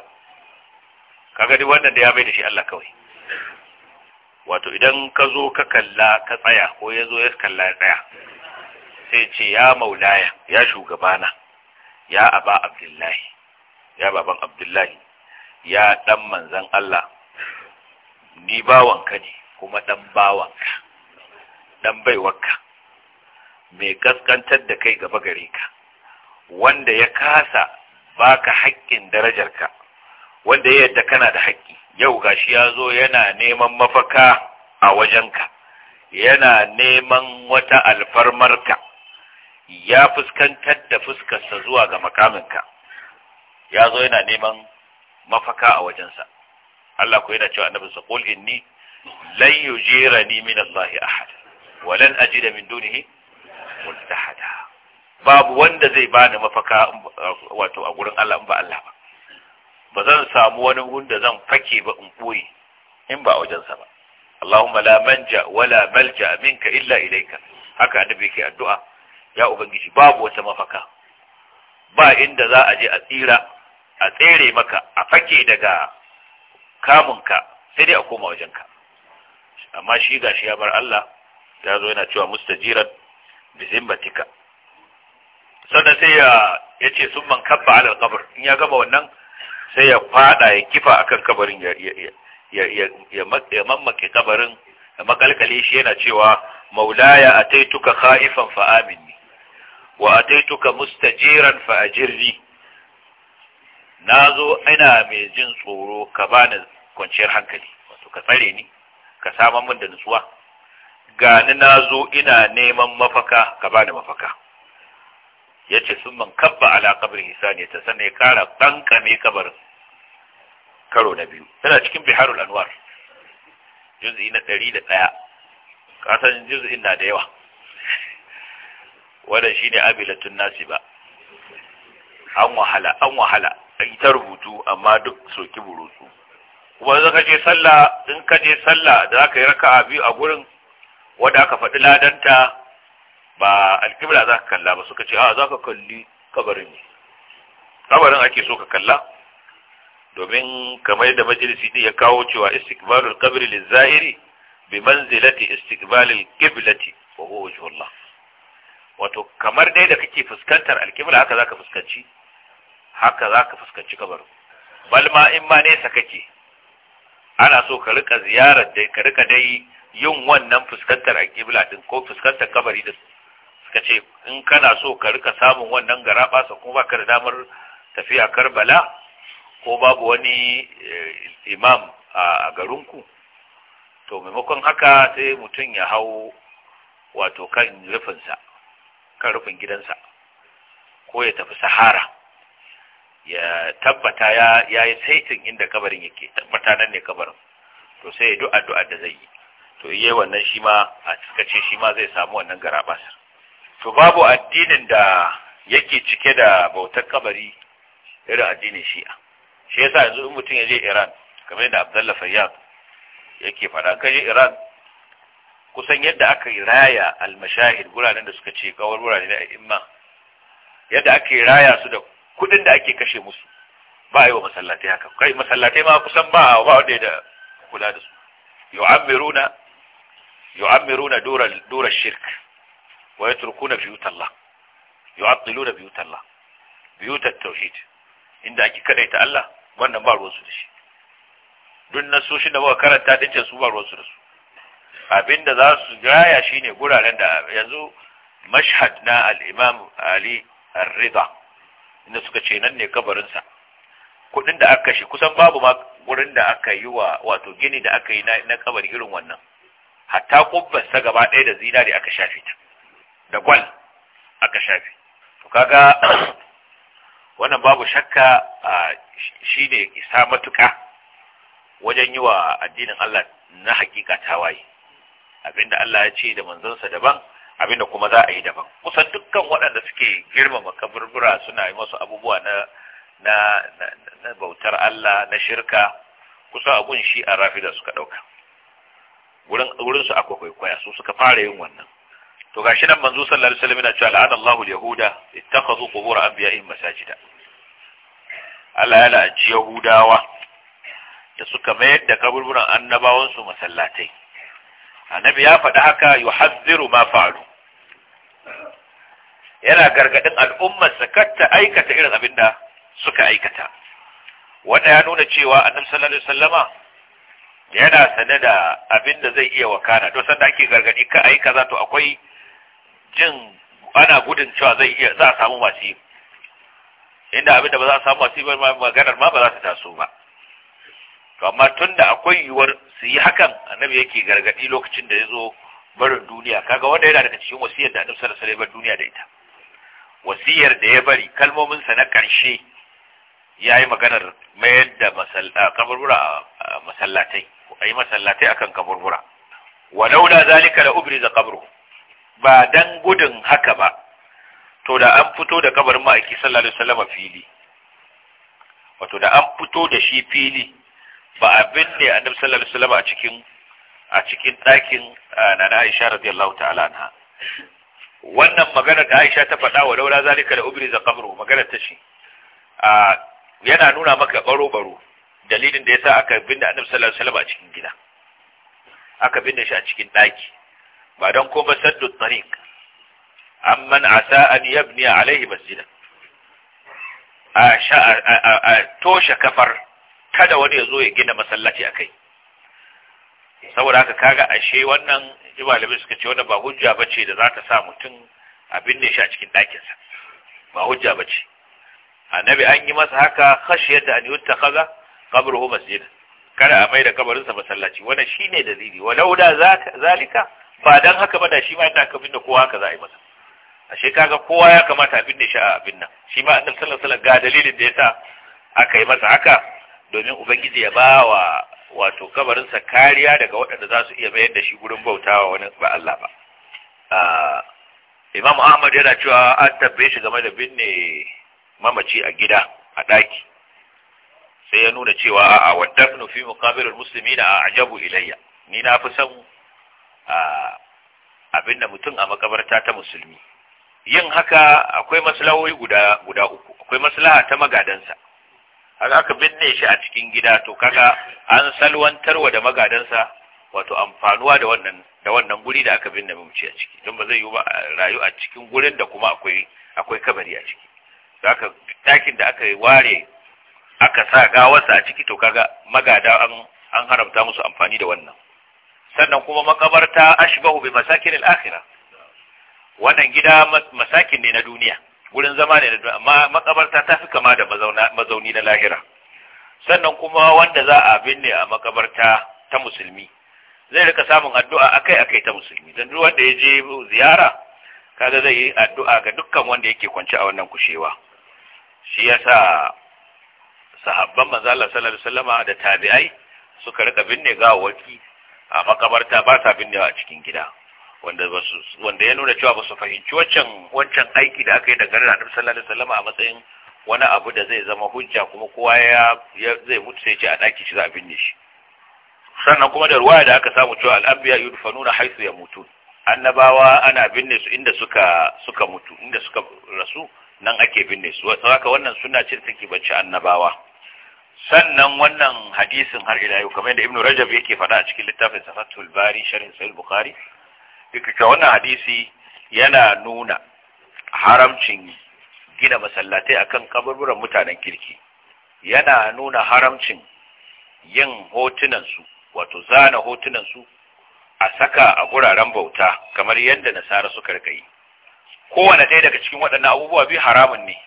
kaga dai wannan da ya bai da shi Allah kawai wato idan ka zo ka kalla ka tsaya ko ya zo ya kalla ya tsaya sai ce ya maulaya ya shugabana ya aba abdullahi ya baban abdullahi ya dan manzan Allah ni bawanka ne kuma dan bawanka dan baiwarka mai kaskantar da kai gaba gare ka wanda ya kasa baka haƙƙin darajarka wanda ya yadda kana da haƙƙi yau gashi ya zo yana neman mafaka a wajenka yana neman wata alfarmarka ya fuskantar da fuskarsa zuwa ga makaminka ya zo yana neman mafaka a wajensa Allah ku yana cewa annabinsa qul inni lan yujirani min Allah ahad wa lan ajida min dunihi multaha babu wanda zai bani mafaka wato a gurin Allah in ba Allah ba ba zan samu wani wanda zan fake ba in boye in ba wajensa ba Allahumma la manja wala malja minka illa ilayka haka annabi yake addu'a ya ubangiji babu wata mafaka ba inda za a je a tsira a tsere maka a fake daga kamunka sai dai a koma wajen ka. amma shi gashi ya bar Allah ya zo yana cewa mustajiran bizimbatika sannan sai ya ya ce sun man kabba ala kabar in ya gama wannan sai ya fada ya kifa akan kabarin ya ya ya mamake kabarin da makalkale shi yana cewa maulaya ataituka khaifan fa aminni wa ataituka mustajiran fa ajirni nazo ina mai jin tsoro ka bani kwanciyar hankali wato ka tsare ni ka samu min da nutsuwa gani nazo ina neman mafaka ka bani mafaka ya ce sun man kabba ala kabri ta sanai ya kara bankame kabar karo na biyu tana cikin biharul anwar juz'i na ɗari da ɗaya kasan juz'in na da yawa wannan shine abilatun nasi ba an wahala an wahala ta rubutu amma duk soki burutu kuma zaka je sallah in ka je sallah da zaka yi raka'a biyu a gurin wanda aka faɗi ladanta ba alƙibla za ka kalla ba suka ce a ah, za ka kalli kabarin ne kabarin ake so ka kalla domin kamar da majalisi ne ya kawo cewa istiqbalul qabri zahiri bi manzilati istiqbalil qiblati wa huwa wajhullah wato kamar dai da kake fuskantar alkibla haka zaka fuskanci haka zaka fuskanci kabarin bal ma in ma nesa kake ana so ka rika ziyarar dai ka rika dai yin wannan fuskantar alkibla din ko fuskantar kabari da ka ce in kana so ka rika samun wannan garaɓasa kuma baka da damar tafiya karbala ko babu wani eh, imam a garinku to maimakon haka sai mutum ya hau wato kan rufinsa kan rufin gidansa ko ya tafi sahara ya tabbata ya yi saitin inda kabarin yake tabbata nan ne kabarin to sai ya du'a du'a da zai yi to iye wannan shi ma a cikace shi ma zai samu wannan garabasa to babu addinin da yake cike da bautar kabari irin addinin shi'a shi yasa yanzu in mutum ya je iran kamar yadda abdullahi fayyad yake fara ka je iran kusan yadda aka yi raya almashahid guraren da suka ce kawar gurare na imma yadda aka yi raya su da kudin da ake kashe musu ba a yi wa masallatai haka kai masallatai ma kusan ba ba wanda ya da kula da su yu'amiruna yu'amiruna dura dura shirka. wa yatrukuna biyutallah yu'attiluna biyutallah biyutat tauhid inda ake kadaita Allah wannan ba ruwan su da shi duk nasoshin da muka karanta din su ba ruwan su da su abinda za su gaya shine guraren da yanzu mashhad na al-Imam Ali ar rida inda suka ce nan ne kabarin sa kudin da aka shi kusan babu ma gurin da aka yi wa wato gini da aka yi na kabari irin wannan hatta kubbar sa gaba ɗaya da zinari aka shafe ta da gwal aka shafi to kaga wannan babu shakka shi ne isa matuka wajen yi wa addinin Allah na hakika tawaye abinda Allah ya ce da manzansa daban abinda kuma za a yi daban kusan dukkan waɗanda suke girmama kaburbura suna yi masu abubuwa na na na bautar Allah na shirka kusa abun shi a rafida suka ɗauka wurinsu su akwai kwaikwaya su suka fara yin wannan to shi nan manzo sallallahu alaihi wasallam yana cewa la'ana Allahu al-yahuda ittakhadhu qubur anbiya'ihim masajida Allah ya la'anci Yahudawa da suka mayar da kaburburan annabawan su masallatai annabi ya faɗi haka yuhadhdhiru ma fa'alu yana gargadin al'ummar su katta aikata irin abinda suka aikata wanda ya nuna cewa annabi sallallahu alaihi wasallama yana sane da abin da zai iya wakana to sanda ake gargadi ka aika kaza to akwai jin ana gudun cewa zai iya za a samu masu yi inda abin da ba za a samu masu yi ba maganar ma ba za su taso ba to amma tun da akwai yiwuwar su yi hakan annabi yake gargadi lokacin da ya zo barin duniya kaga wanda yana daga cikin wasiyar da annabi sallallahu alaihi wasallam duniya da ita wasiyar da ya bari kalmomin sa na karshe yayi maganar mayar da kaburbura masallatai ayi masallatai akan kaburbura walaula zalika la ubriza qabruhu ba dan gudun haka ba to da an fito da kabarin ma'aiki sallallahu alaihi wasallam fili wato da an fito da shi fili ba abin ne annabi sallallahu alaihi wasallam a cikin a cikin ɗakin nana Aisha radiyallahu ta'ala anha wannan magana da Aisha ta faɗa wa laura zalika da ubri za qabru magana ta ce a yana nuna maka baro baro dalilin da yasa aka binne annabi sallallahu alaihi wasallam a cikin gida aka binne shi a cikin ɗaki ba don kuma saddu tariq amman asa an yabni alaihi masjidan a toshe kafar kada wani ya zo ya gina masallaci a kai saboda haka kaga ashe wannan malamai suka ce wannan ba hujja ba ce da za ta sa mutum abin ne shi a cikin ɗakinsa ba hujja ba A annabi an yi masa haka khashiyata an kabar hu masjida kada a da kabarinsa masallaci wannan shine dalili walau da zalika ba dan haka ba da shi ma yana aka binne kowa haka za a yi masa ashe kaga kowa ya kamata a binne shi a abin nan shi ma annabi sallallahu alaihi ga dalilin da yasa aka yi masa haka domin ubangiji ya ba wa wato kabarinsa kariya daga waɗanda za su iya mayar da shi gurin bautawa wani ba Allah ba Imam Ahmad yana cewa an tabbe shi game da binne mamaci a gida a ɗaki sai ya nuna cewa a dafnu fi muqabilul muslimina a ajabu ilayya ni na fi san abin da mutum a makabarta ta musulmi yin haka akwai maslahoyi guda guda uku akwai maslaha ta magadansa haka aka binne shi a cikin gida to kaga an salwantarwa da magadansa wato amfanuwa da wannan da wannan guri da aka binne mamaci a ciki don ba zai yi ba rayu a cikin gurin da kuma akwai akwai kabari a ciki ka dakin da aka ware aka sa gawarsa a ciki to kaga magada an an haramta musu amfani da wannan sannan kuma makabarta ashbahu bi masakin al-akhirah wannan gida masakin ne na duniya gurin zama ne amma makabarta ta fi kama da mazauni na lahira sannan kuma wanda za a binne a makabarta ta musulmi zai rika samun addu'a akai-akai ta musulmi don duk wanda ya je ziyara kaga zai yi addu'a ga dukkan wanda yake kwance a wannan kushewa shi yasa sahabban manzo Allah sallallahu alaihi wasallama da tabi'ai suka rika binne gawawaki a makabarta ba sa binnewa a cikin gida wanda ya nuna cewa ba su fahimci wancan wancan aiki da aka yi da garin Annabi sallallahu alaihi wasallam a matsayin wani abu da zai zama hujja kuma kowa ya zai mutu sai ce a daki shi za a binne shi sannan kuma da ruwaya da aka samu cewa al-anbiya yudfanuna haythu yamutun annabawa ana binne su inda suka suka mutu inda suka rasu nan ake binne su saboda wannan sunna ce take bacci annabawa sannan wannan hadisin har ila yau kamar yadda ibnu rajab yake faɗa a cikin littafin safatul bari sharhin sahih bukhari yake wannan hadisi yana nuna haramcin gina masallatai akan kaburburan mutanen kirki yana nuna haramcin yin hotunan su wato zana hotunan su a saka a guraren bauta kamar yadda nasara suka rika yi kowane ɗaya daga cikin waɗannan abubuwa biyu haramun ne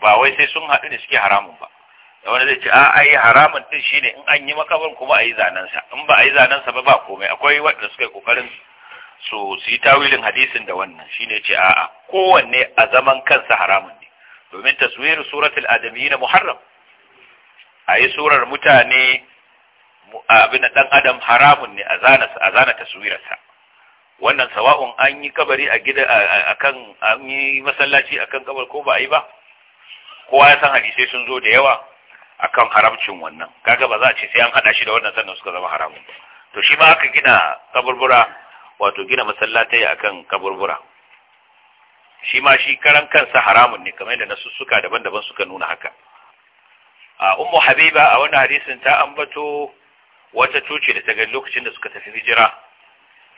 ba wai sai sun haɗu ne suke haramun ba wani zai ce a ah, ai haramun din shine in an yi makabar kuma a yi zanensa in ba a yi zanensa ba ba komai akwai waɗanda suka yi kokarin su yi tawilin hadisin da wannan shine ce a'a kowanne a zaman kansa haramun ne domin taswirin suratul adamiyyi na muharram a yi surar mutane abin da ɗan adam haramun ne a zana taswirarsa wannan sawa'un an yi kabari a gida akan an yi masallaci akan kabar ko ba a yi ba kowa ya san hadisai sun zo da yawa akan haramcin wannan kaga ba za a ce sai an hada shi da wannan sannan suka zama haramun to shi ma aka gina kaburbura wato gina masallatai akan kaburbura shi ma shi karan kansa haramun ne kamar yadda na sussuka daban-daban suka nuna haka a ummu habiba a wannan hadisin ta ambato wata coci da ta ga lokacin da suka tafi hijira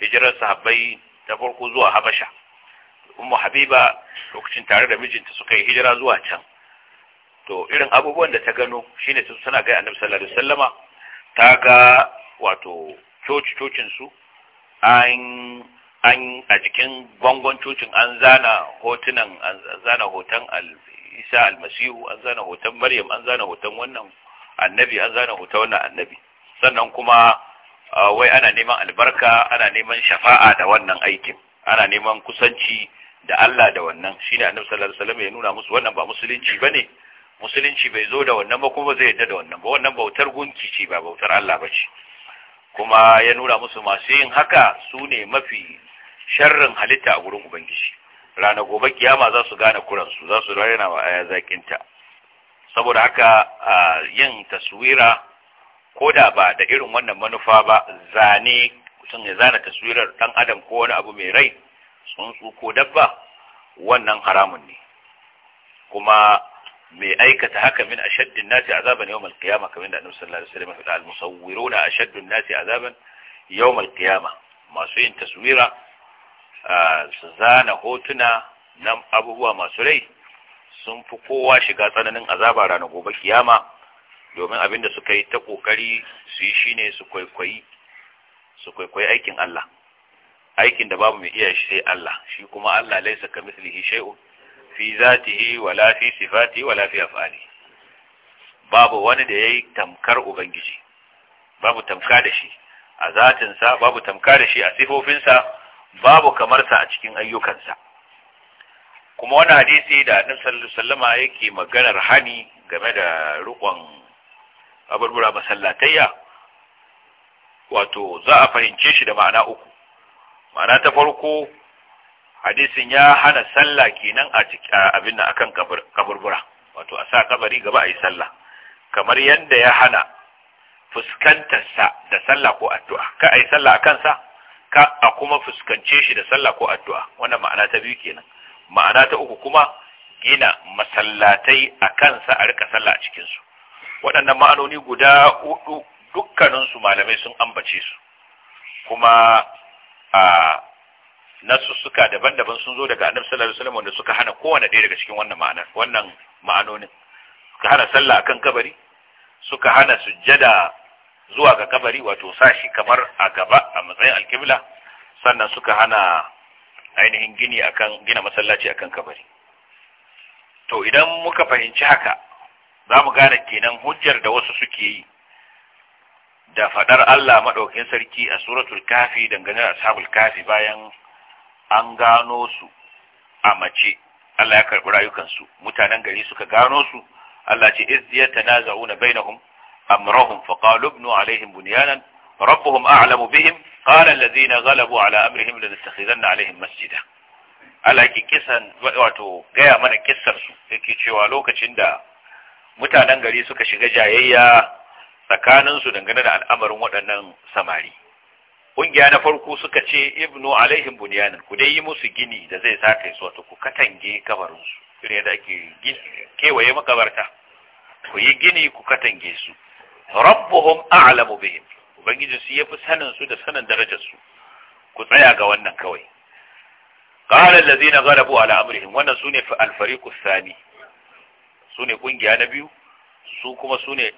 hijirar sahabbai ta farko zuwa habasha ummu habiba lokacin tare da mijinta suka yi hijira zuwa can to irin abubuwan da ta gano shine su suna ga annabi sallallahu alaihi wasallama ta ga wato coci cocin su an an a jikin bangon cocin an zana hotunan an zana hoton Isa almasihu an zana hoton Maryam an zana hoton wannan annabi an zana hoton wannan annabi sannan kuma wai ana neman albarka ana neman shafa'a da wannan aikin ana neman kusanci da Allah da wannan shine annabi sallallahu alaihi wasallam ya nuna musu wannan ba musulunci bane musulunci bai zo da wannan ba kuma zai yadda da wannan ba wannan bautar gunki ce ba bautar Allah ba ce kuma ya nuna musu masu yin haka su ne mafi sharrin halitta a gurin ubangiji ranar gobe kiyama za su gane kuransu za su rarena wa aya zakinta saboda haka yin taswira ko da ba da irin wannan manufa ba zane sun ya zana taswirar dan adam ko wani abu mai rai tsuntsu ko dabba wannan haramun ne kuma mai aikata haka min ashaddin nasi azaban yawmal qiyama kamar da annabi sallallahu alaihi wasallam ya al-musawwiruna ashaddun nati azaban yawmal qiyama masu yin taswira su zana hotuna na abubuwa masu rai sun fi kowa shiga tsananin azaba ranar gobe kiyama domin abinda suka yi ta kokari su yi shine su kwaikwayi su kwaikwayi aikin Allah aikin da babu mai iya shi sai Allah shi kuma Allah laisa kamithlihi shay'un fi zatihi wala fi sifati wala fi afali babu wani da yayi tamkar ubangiji babu tamka da shi a zatinsa babu tamka da shi a sifofinsa babu kamar sa a cikin ayyukansa kuma wani hadisi da annab sallallahu alaihi yake maganar hani game da rukun abubura masallatayya wato za a fahimce shi da ma'ana uku ma'ana ta farko hadisin ya hana sallah kenan a abin nan akan kaburbura wato a sa kabari gaba a yi sallah kamar yadda ya hana fuskantarsa da sallah ko addu'a ka a yi sallah a kansa ka a kuma fuskance shi da sallah ko addu'a wannan ma'ana ta biyu kenan ma'ana ta uku kuma gina masallatai a kansa a rika sallah a cikinsu waɗannan ma'anoni guda hudu dukkaninsu malamai sun ambace su kuma a nasussuka daban-daban sun zo daga annabi sallallahu alaihi wasallam wanda suka hana kowane ɗaya daga cikin wannan ma'anar wannan ma'anonin suka hana sallah akan kabari suka hana sujjada zuwa ga kabari wato sashi kamar a gaba a matsayin alkibla sannan suka hana ainihin gini akan gina masallaci akan kabari to idan muka fahimci haka za mu gane kenan hujjar da wasu suke yi da fadar Allah madaukakin sarki a suratul kafi dangane da ashabul kafi bayan an gano su a mace Allah ya karbi rayukansu mutanen gari suka gano su Allah ce iz yatanaza'una bainahum amrahum faqalu ibnu alaihim bunyanan rabbuhum a'lamu bihim qala alladhina ghalabu ala amrihim lanattakhidanna alaihim masjida Allah yake kisan wato gaya mana kissar su yake cewa lokacin da mutanen gari suka shiga jayayya tsakaninsu dangane da al'amarin waɗannan samari Ƙungiya na farko suka ce ibnu alaihim bunyanan ku dai yi musu gini da zai sa saka su wato ku katange kabarin su irin yadda ake kewaye makabarta ku yi gini ku katange su rabbuhum a'lamu bihim ubangiji su yafi sanin su da sanin darajar su ku tsaya ga wannan kawai qala allazina ghalabu ala amrihim wannan sune al-fariqu thani sune kungiya na biyu su kuma sune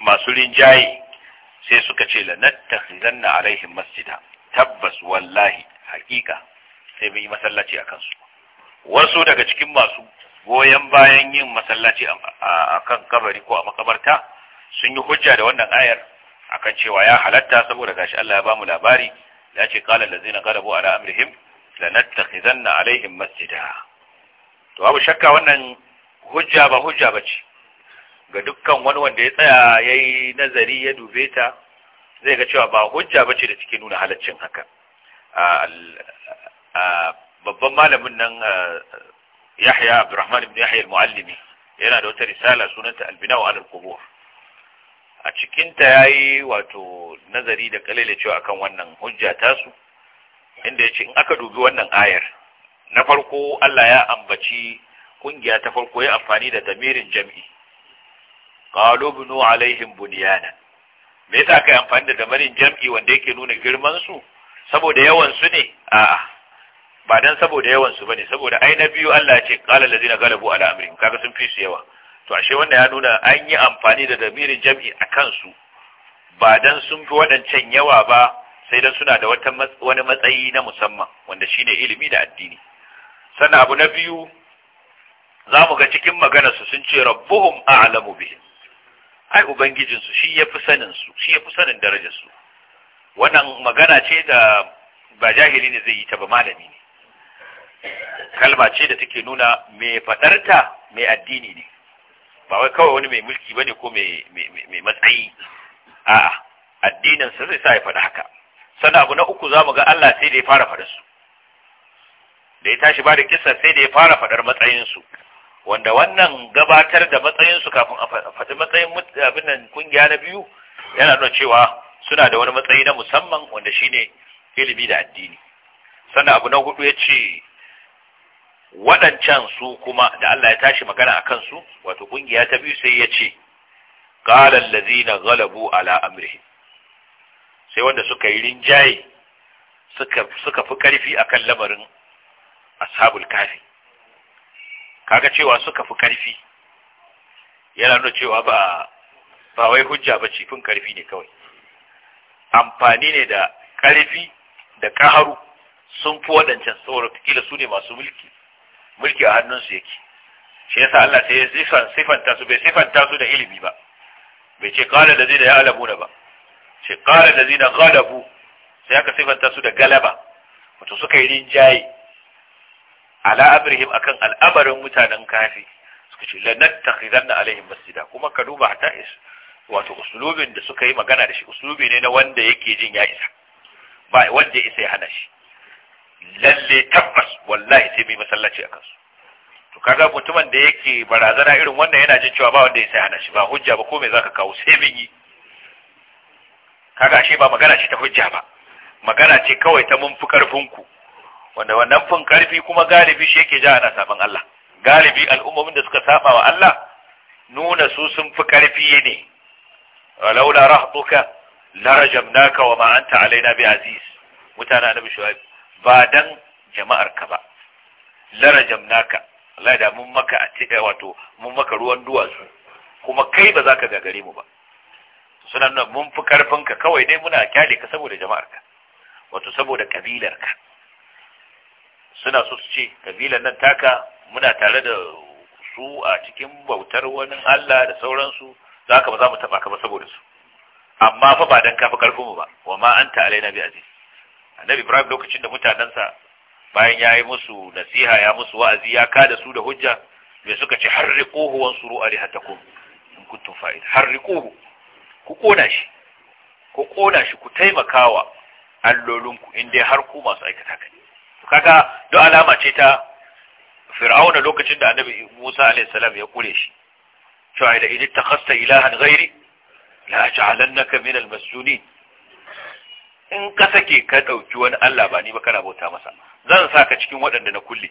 masu rinjaye sai suka ce lanattakhidanna alaihim masjida tabbas wallahi haƙiƙa sai mun yi masallaci a kansu wasu daga cikin masu goyon bayan yin masallaci a kan kabari ko a makabarta sun yi hujja da wannan ayar akan cewa ya halatta saboda gashi Allah ya bamu labari ya ce qala allazina qalabu ala amrihim lanattakhidanna alaihim masjida to abu shakka wannan hujja ba hujja bace ga dukkan wani wanda ya tsaya ya yi nazari ya dube ta zai ga cewa ba hujja ba ce da cikin nuna halaccin haka babban malamin nan yahya abdurrahman ibn yahya al-muallimi yana da wata risala sunanta albinawa binau kubur. a cikinta ya yi wato nazari da kalile cewa akan wannan hujja tasu inda ya ce in aka dubi wannan ayar na farko Allah ya ambaci kungiya ta farko ya amfani da damirin jami'i. qalu bunu alaihim bunyana me yasa kai amfani da damarin jam'i wanda yake nuna girman su saboda yawan su ne a'a ba dan saboda yawan su bane saboda ai na biyu Allah ya ce qala allazina galabu ala amrihim kaga sun fi su yawa to ashe wanda ya nuna an yi amfani da damirin jam'i a kansu ba dan sun fi waɗancan yawa ba sai dan suna da wata wani matsayi na musamman wanda shine ilimi da addini sannan abu na biyu za mu ga cikin maganarsu sun ce rabbuhum a'lamu bihim ai ubangijinsu shi ya fi saninsu shi ya fi sanin darajarsu wannan magana ce da ba jahili ne zai yi ta ba malami ne kalma ce da take nuna mai faɗarta mai addini ne ba wai kawai wani mai mulki bane ko mai matsayi a'a addinin zai sa ya fada haka sana abu na uku za mu ga Allah sai da ya fara faɗa su da ya tashi ba da kisa sai da ya fara faɗar matsayinsu wanda wannan gabatar da matsayinsu kafin a faɗi matsayin abin nan kungiya na biyu yana nuna cewa suna da wani matsayi na musamman wanda shine ilimi da addini sannan abu na hudu ya ce waɗancan su kuma da Allah ya tashi magana a kansu wato kungiya ta biyu sai ya ce ƙalar lazina galabu ala amrihim sai wanda suka yi rinjaye suka fi ƙarfi akan lamarin ashabul kafi kaga cewa suka fi karfi yana nuna cewa ba ba wai hujja ba fin karfi ne kawai amfani ne da karfi da kaharu sun fi waɗancan saboda kila su ne masu mulki mulki a hannunsu yake shi yasa Allah sai ya sifan sifanta su bai sifanta su da ilimi ba bai ce qala ya ya'lamuna ba ce qala zina ghalabu sai aka sifanta su da galaba wato suka yi rinjaye ala amrihim akan al'amarin mutanen kafi suka ce lanattakhidanna alaihim masjida kuma ka duba ta is wato uslubin da suka yi magana da shi uslubi ne na wanda yake jin ya isa ba wanda isa ya hana shi lalle tabbas wallahi sai mai masallaci a kansu to kaga mutumin da yake barazana irin wannan yana jin cewa ba wanda ya sai hana shi ba hujja ba ko me zaka kawo sai bin yi kaga shi ba magana ce ta hujja ba magana ce kawai ta mun fi karfin ku wanda wannan fin karfi kuma galibi shi yake ja ana saban Allah galibi al'ummomin da suka saba wa Allah nuna su sun fi karfi ne laula rahtuka larajamnaka wa ma alaina bi aziz mutanen annabi shuaib ba dan jama'ar ka ba larajamnaka Allah da mun maka a cikin eh, wato mun maka ruwan duwatsu kuma kai ba za ka gagare mu ba Sunan nuna mun fi karfin ka kawai dai muna kyale ka saboda jama'ar ka wato saboda kabilar ka suna so su ce kabilan nan taka muna tare da su a cikin bautar wani Allah da sauransu za ka ba za mu taba ka ba saboda su amma fa ba dan kafa karfinmu ba wa ma an alai Nabi aziz annabi ibrahim lokacin da mutanensa bayan ya yi musu nasiha ya musu wa'azi ya kada su da hujja bai suka ce harriquhu wansuru alihatakum in kuntum fa'id harriquhu ku kona shi ku kona shi ku taimakawa allolinku in dai har ku masu aikata kai kaga duk alama ce ta fir'auna lokacin da annabi Musa alaihi salam ya kure shi cewa da idan takhasta ilahan ghairi la ja'alannaka min al-masjunin in ka sake ka dauki wani Allah ba ni ba kana bauta masa zan saka cikin waɗanda na kulle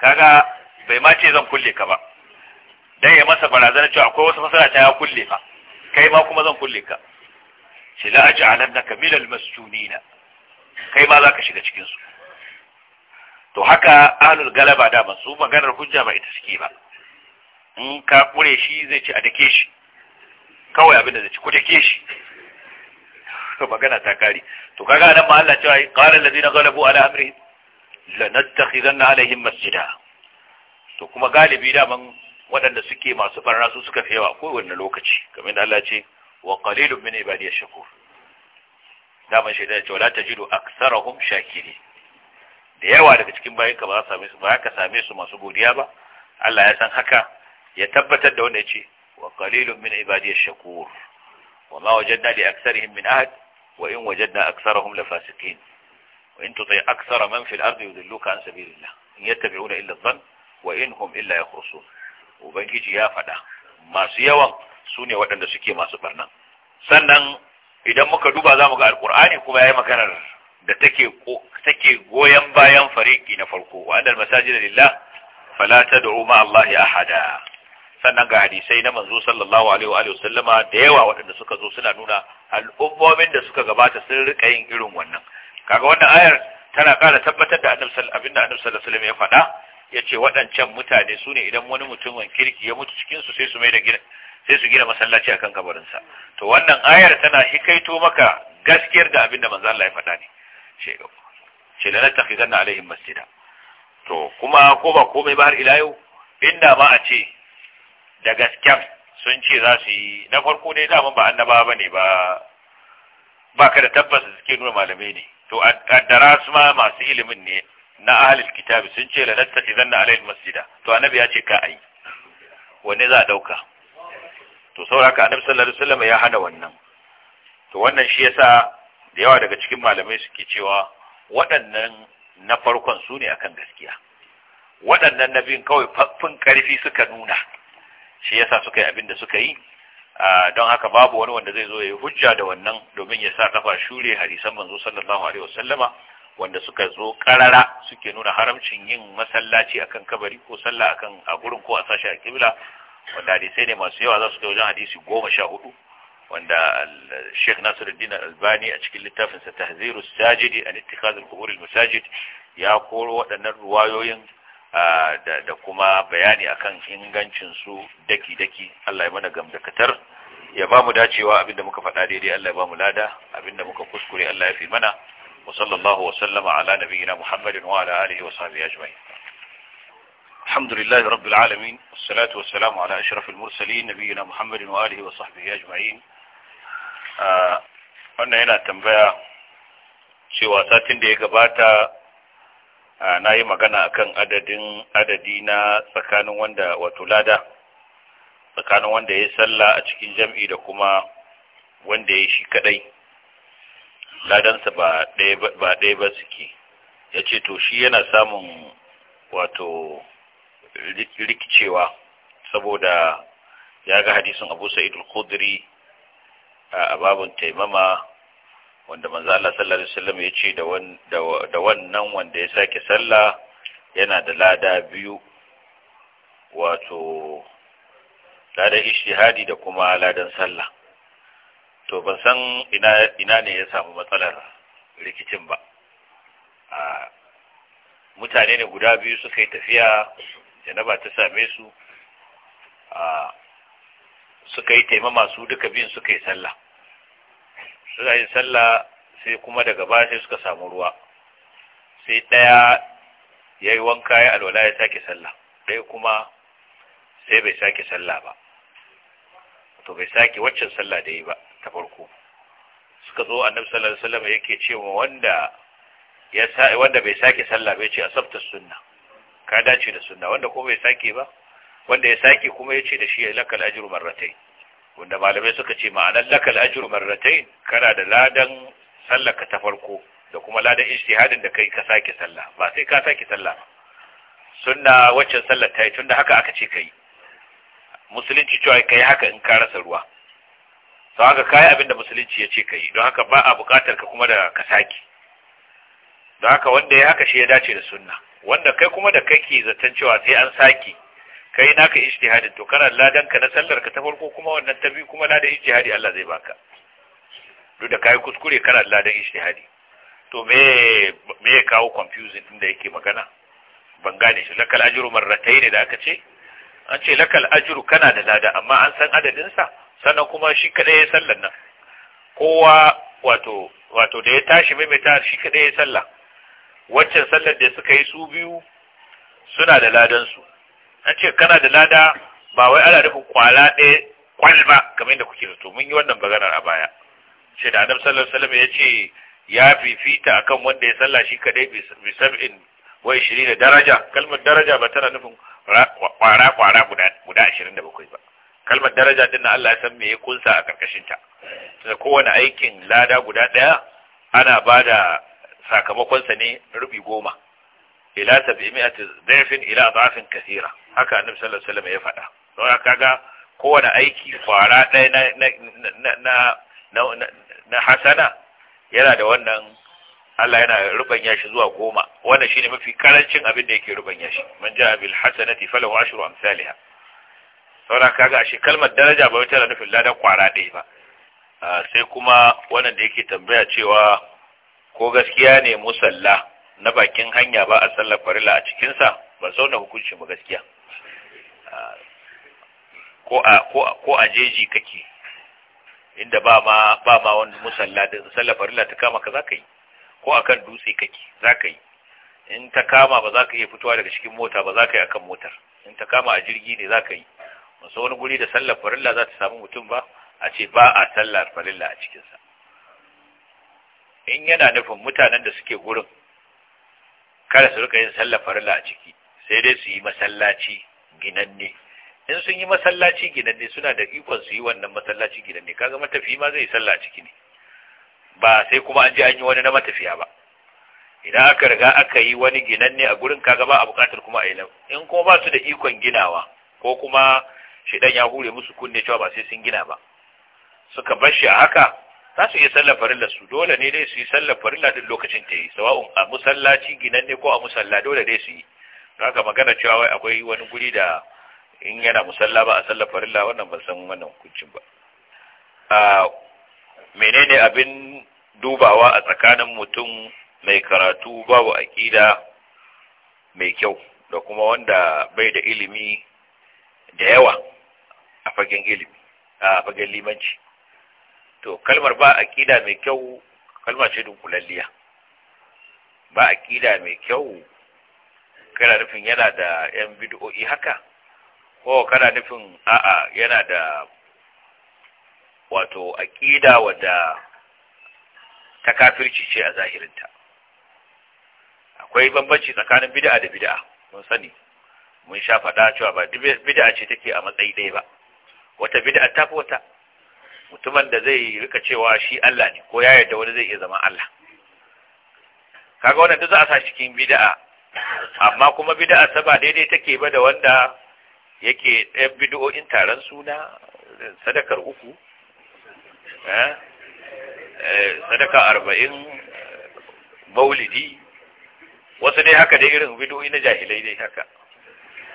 kaga bai ma ce zan kulle ka ba dan ya masa barazana cewa akwai wasu fasara ta ya kulle fa kai ma kuma zan kulle ka shi la ja'alannaka min al-masjunin kai ma zaka shiga cikin su to haka alul galaba da ba su maganar hujja ba ita suke ba in ka kure shi zai ci a dake shi kawai abin da zai ci ku dake shi to magana ta kare to kaga nan ma Allah cewa qala allazina ghalabu ala amri lanattakhizanna alaihim masjida to kuma galibi da man waɗanda suke masu barna su suka fi ko wannan lokaci kamar da Allah ce wa qalilun min ibadiyash shakur daman shi da cewa la tajidu aktharuhum shakirin da yawa daga cikin bayanka ba za same su su masu godiya ba Allah ya san haka ya tabbatar da wanda ce wa qalilun min ibadiy ash-shakur wa ma wajadna li aktharihim min ahad wa in wajadna aktharahum lafasiqin wa in tuti akthara man fil ardi yudilluka an sabilillah in yattabi'una illa adh-dhann wa in hum illa yakhrusun ubangiji ya fada masu yawan sune waɗanda suke masu barna sannan idan muka duba zamu ga alqur'ani kuma yayi maganar da take goyon bayan fariki na farko wa annal da lillah Falata tad'u ma Allah hada. sannan ga hadisai na manzo sallallahu alaihi wa sallama da yawa waɗanda suka zo suna nuna al'ummomin da suka gabata sun rika yin irin wannan kaga wannan ayar tana ƙara tabbatar da annabi sallallahu abinda annabi sallallahu alaihi ya faɗa yace waɗancan mutane su ne idan wani mutumin kirki ya mutu cikin su sai su mai da gina sai su gina masallaci akan kabarinsa to wannan ayar tana hikaito maka gaskiyar da abinda manzo Allah ya faɗa ne ce ce da nattakhidanna alaihin masjida to kuma ko ba komai ba har ila yau inda ma a ce da gasken sun ce za su yi na farko ne daman ba annaba ba ne ba ba ka da tabbas da suke nuna malamai ne to addara su ma masu ilimin ne na ahalil kitabi sun ce lalatta ce zanna alayil masjida to annabi ya ce ka ai wanne za a dauka to sauraka annabi sallallahu alaihi wasallam ya hana wannan to wannan shi yasa da yawa daga cikin malamai suke cewa waɗannan na farkon su ne akan gaskiya waɗannan na biyun kawai faffin ƙarfi suka nuna shi yasa suka yi abin da suka yi don haka babu wani wanda zai zo ya yi hujja da wannan domin ya sa kafa shure hadisan manzo sallallahu alaihi wasallama wanda suka zo karara suke nuna haramcin yin masallaci akan kabari ko sallah akan a gurin ko a sashi a kibla wanda hadisai ne masu yawa za su kai wajen hadisi goma sha hudu wanda Sheikh Nasiruddin Al-Albani a cikin littafin sa Tahziru Sajidi an ittikaz al-qubur al-masajid ya koro waɗannan ruwayoyin da kuma bayani akan ingancin su daki daki Allah ya mana gamdakatar ya ba mu dacewa abinda muka faɗa daidai Allah ya ba mu lada abinda muka kuskure Allah ya fi mana wa sallallahu wa sallama ala nabiyyina Muhammadin wa ala alihi wa sahbihi ajma'in الحمد لله رب العالمين والصلاة والسلام على أشرف المرسلين نبينا محمد وآله وصحبه أجمعين wannan yana tambaya cewa satin da ya gabata na yi magana akan adadin adadi na tsakanin wanda wato lada tsakanin wanda ya sallah a cikin jam'i da kuma wanda ya yi shi kadai ladansa ba ɗaya ba suke ya ce to shi yana samun wato rikicewa saboda ya ga hadisin abu sa'idul a babun taimama wanda manzo Allah sallallahu alaihi wasallam ya ce da wannan wanda ya sake sallah yana da lada biyu wato lada ishtihadi da kuma ladan sallah to ban san ina ina ne ya samu matsalar rikicin ba a mutane ne guda biyu suka yi tafiya janaba ta same su a suka yi taimama su duka biyun suka yi sallah suka yi sallah sai kuma daga baya sai suka samu ruwa sai ɗaya ya yi wanka ya alwala ya sake sallah ɗaya kuma sai bai sake sallah ba to bai sake waccan sallah da yi ba ta farko suka zo annabi sallallahu sallar wasallam ce wa wanda ya sa wanda bai sake sallah bai ce a sabta sunna ka dace da sunna wanda ko bai sake ba wanda ya sake kuma ya ce da shi ya lakal ajru marratayn wanda malamai suka ce ma'anar lakal ajru marratayn kana da ladan sallar ka ta farko da kuma ladan ijtihadin da kai ka sake sallah ba sai ka sake sallah ba sunna waccan sallar ta yi tunda haka aka ce kai musulunci cewa kai haka in ka rasa ruwa sau haka yi abinda musulunci ya ce kai don haka ba a bukatar ka kuma da ka sake don haka wanda ya haka shi ya dace da sunna wanda kai kuma da kake zaton cewa sai an sake kai naka ijtihadin to kana ladan ka na sallar ka ta farko kuma wannan ta biyu kuma ladan ijtihadi Allah zai baka duk da kai kuskure kana ladan ijtihadi to me me ya kawo confusing din da yake magana ban gane shi lakal ajru marratayn da aka ce an ce lakal ajru kana da lada amma an san adadin sa sannan kuma shi kada ya sallar nan kowa wato wato da ya tashi mai shi kada ya sallah waccan sallar da suka yi su biyu suna da ladan su an ce kana da lada ba wai ana nufin kwala ɗaya kwal ba kamar yadda kuke zato mun yi wannan maganar a baya sai da adam sallallahu alaihi ya ce ya fifita akan wanda ya salla shi kadai bi sab'in wa 20 daraja kalmar daraja ba tana nufin kwara kwara guda da 27 ba kalmar daraja din na Allah ya san me ya kunsa a karkashin ta kowane aikin lada guda daya ana bada sakamakon sa ne rubi goma ila tabi'ati dafin ila dhafin kathira haka annabi sallallahu alaihi ya faɗa don kaga kowane aiki kwara ɗaya na na na hasana yana da wannan Allah yana rubanya yashi zuwa goma wannan shine mafi karancin abin da yake rubanya shi man ja bil hasanati falahu ashru amsalha saboda kaga ashe kalmar daraja ba wata nufin ladan kwara dai ba ah, sai kuma wannan da yake tambaya cewa ko gaskiya ne musalla na bakin hanya ba a sallar farila a cikinsa ba sau hukunci ba gaskiya ko a jeji kake inda ba ma wani musalla din sallar ta kama ka zaka yi ko a kan dutse kake zaka yi in ta kama ba zaka iya fitowa daga cikin mota ba zaka yi akan motar in ta kama a jirgi ne zaka yi musu wani guri da sallar farilla za ta samu mutum ba a ce ba a sallar farilla a cikinsa in yana nufin mutanen da suke gurin kada su rika yin sallar farilla a ciki sai dai su yi masallaci ginanne in sun yi masallaci ginanne suna da ikon su yi wannan masallaci ginanne kaga matafi ma zai sallah a ciki ne ba sai kuma an je an yi wani na matafiya ba idan aka riga aka yi wani ginanne a gurin kaga ba a bukatar kuma a yi nan in kuma ba su da ikon ginawa ko kuma shidan ya hure musu kunne cewa ba sai sun gina ba suka bar shi a haka za su iya sallar farilla su dole ne dai su yi sallar farilla duk lokacin ta yi sawa'un a musallaci ne ko a musalla dole dai su yi haka magana cewa wai akwai wani guri da in yana musalla ba a sallar farilla wannan ban san wannan hukuncin ba a menene abin dubawa a tsakanin mutum mai karatu babu aƙida mai kyau da kuma wanda bai da ilimi da yawa a fagen ilimi a fagen limanci to kalmar ba akida mai kyau kalma ce dunkulalliya ba aqida mai kyau kana nufin yana da yan bid'o'i haka ko kana nufin a'a yana da wato ƙida wadda ta kafirci ce a zahirinta akwai bambanci tsakanin bid'a da bid'a mun sani mun sha faɗa cewa ba bida'a ce take a matsayi ɗaya ba wata bid'a ta fi wata mutumin da zai rika cewa shi Allah ne ko ya yarda wani zai iya zama Allah kaga wannan duk za a sa cikin bid'a amma kuma bid'a ta ba daidai take ba da wanda yake ɗayan bid'o'in taron suna sadakar uku eh, eh, sadaka arba'in maulidi wasu dai haka dai irin bid'o'i na jahilai dai haka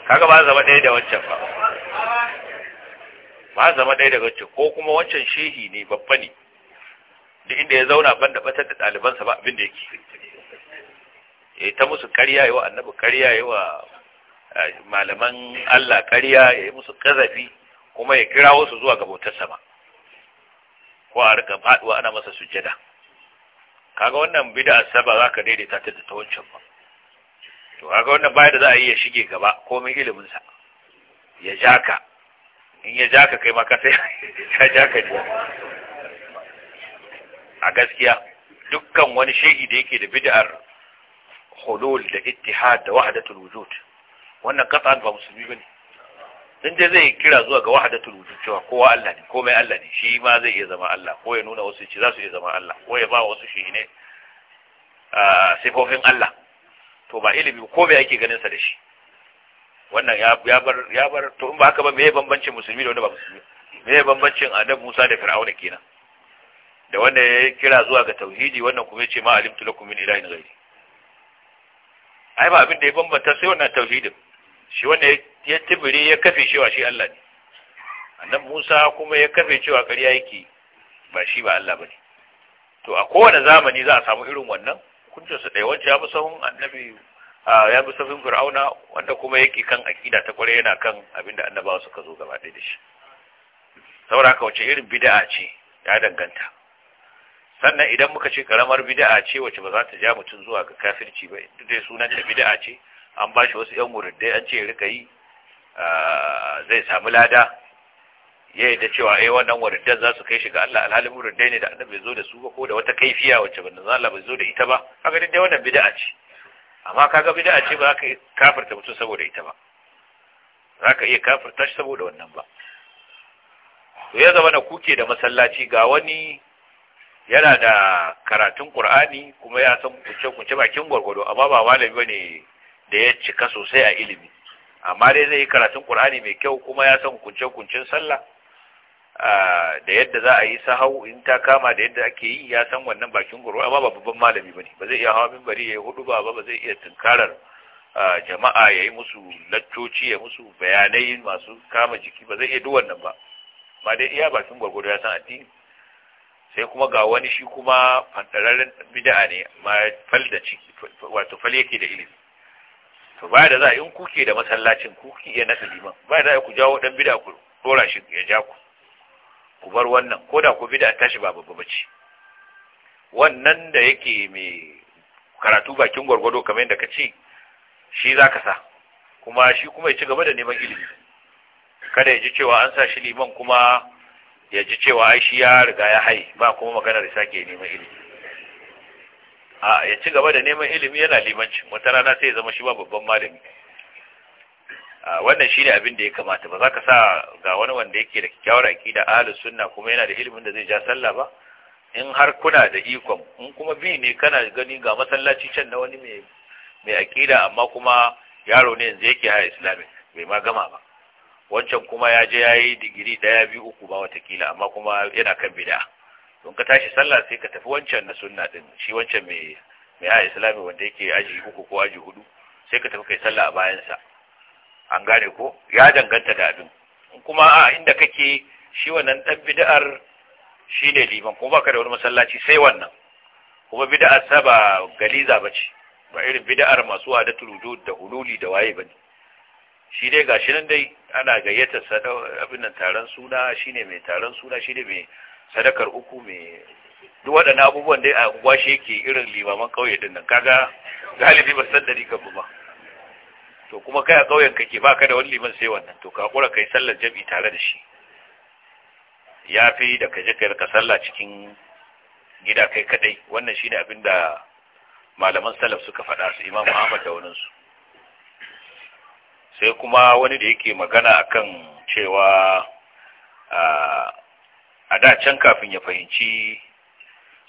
kaga ba zama ɗaya da wancan ba ba zama ɗaya daga cikin ko kuma wancan shehi ne babba ne duk inda ya zauna ban da batar da ɗalibansa ba abin da yake ya ta musu ƙarya yawa annabi ƙarya yawa malaman Allah ƙarya ya yi musu ƙazafi kuma ya kira wasu zuwa ga bautar sama ko a rika faɗuwa ana masa sujada kaga wannan bid'a saba zaka daidaita ta da wancan ba to kaga wannan baya da za a yi ya shige gaba komai ilimin sa ya jaka in ya ja ka kai maka sai ya ja ka ne a gaskiya dukkan wani shehi da yake da bid'ar hulul da ittihad da wahdatul wujud wannan qat'an ba musulmi bane in dai zai kira zuwa ga wahdatul wujud cewa kowa Allah ne komai Allah ne shi ma zai iya zama Allah ko ya nuna wasu ci za su iya zama Allah ko ya ba wasu shi ne ah, sifofin Allah to ba ilimi ko bai ake ganin sa da shi wannan ya bar ya bar to in ba haka ba me bambancin musulmi da wanda ba musulmi me bambancin adam Musa da Fir'auna kenan da wanda ya kira zuwa ga tauhidi wannan kuma ce ma alimtu lakum min ilahin ghairi ai ba abin da ya bambanta sai wannan tauhidin shi wanda ya tibiri ya kafe cewa shi Allah ne annabi Musa kuma ya kafe cewa ƙarya yake ba shi ba Allah bane to a kowane zamani za a samu irin wannan Kun su ɗaya wancan ya fi sahun annabi ya bi safin fir'auna wanda kuma yake kan akida ta kware yana kan abinda annabawa suka zo gaba ɗaya da shi saboda haka wace irin bid'a ce ya danganta sannan idan muka ce karamar bid'a ce wace ba za ta ja mutum zuwa ga kafirci ba duk dai sunan ta bid'a ce an ba shi wasu yan muridai an ce rika yi zai samu lada ya yi da cewa ai eh, wannan muriddan za su kai shi ga Allah alhalin muridai ne da annabi zo da su ko da wata kaifiya wacce ban zalla bai zo da ita ba haka dai wannan bid'a ce amma kaga bid'a ce ba za ka kafirta mutum saboda ita ba za ka iya kafirta shi saboda wannan ba to ya zama na kuke da masallaci ga wani yana da karatun Qur'ani kuma ya san kunce kunce bakin gwargwado amma ba malami bane da ya cika sosai a ilimi amma dai zai yi karatun Qur'ani mai kyau kuma ya san kunce kuncin sallah da yadda za a yi sahau in ta kama da yadda ake yi ya san wannan bakin gurwa amma ba babban malami bane ba zai iya hawa minbari ya yi hudu ba ba zai iya tunkarar jama'a ya yi musu laccoci ya musu bayanai masu kama jiki ba zai iya duk wannan ba ba dai iya bakin gwargwado ya san addini sai kuma ga wani shi kuma fantararren bid'a ne ma fal da ciki wato fal yake da ilimi to baya da za in kuke da masallacin ku iya nasa liman baya da ku jawo dan bid'a ku dora shi ya ja ku ku bar wannan ko da ku bid'a tashi ba babba bace wannan da yake mai karatu bakin gwargwado kamar yadda ka ce shi za ka sa kuma shi kuma ya ci gaba da neman ilimi kada ya ji cewa an sa shi liman kuma ya ji cewa ai shi ya riga ya hai ba kuma maganar da sake neman ilimi a ya ci gaba da neman ilimi yana limanci wata rana sai ya zama shi ba babban malami wannan shine abin da ya kamata ba za ka sa ga wani wanda yake da kyakkyawar aƙida ahlus sunna kuma yana da ilimin da zai ja sallah ba in har kuna da ikon in kuma bi ne kana gani ga masallaci can na wani mai mai aƙida amma kuma yaro ne yanzu yake haya islamic bai ma gama ba wancan kuma ya je yayi digiri ɗaya biyu uku ba watakila amma kuma yana kan bid'a don ka tashi sallah sai ka tafi wancan na sunna din shi wancan mai mai haya islamic wanda yake aji uku ko aji hudu sai ka tafi kai sallah a bayansa. an gane ko ya danganta da abin kuma a inda kake shi wannan dan bid'ar shi ne liman kuma baka da wani masallaci sai wannan kuma bid'ar sa ba galiza bace ba irin bid'ar masu wada turudu da hululi da waye bane shi dai gashi nan dai ana gayyata abin nan taron suna shine mai taron suna shine mai sadakar uku mai duk waɗannan abubuwan dai a washe ke yake irin limaman kauye din nan kaga galibi ba san kan ba to kuma kai a ƙauyen kake ba ka da wani liman sai wannan to ka kura kai sallar jam'i tare da shi ya fi da ka je ka sallah cikin gida kai kadai wannan shine abin da malaman salaf suka faɗa su imam ahmad da waninsu sai kuma wani da yake magana akan cewa a da can kafin ya fahimci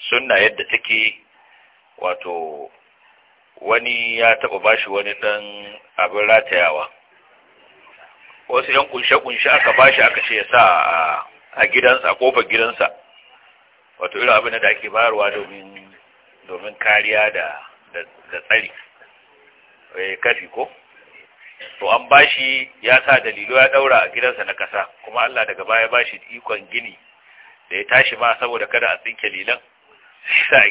sunna yadda take wato wani ya taɓa bashi wani ɗan abin ratayawa wasu ‘yan kunshe-kunshe aka bashi aka ce sa a gidansa a ƙofar gidansa wato irin abin da ake bayarwa domin kariya da tsari eh, kafi ko to an bashi ya sa dalilu ya ɗaura a gidansa na kasa kuma Allah daga baya bashi ikon gini da ya tashi ma saboda kada a tsinke lilan sa a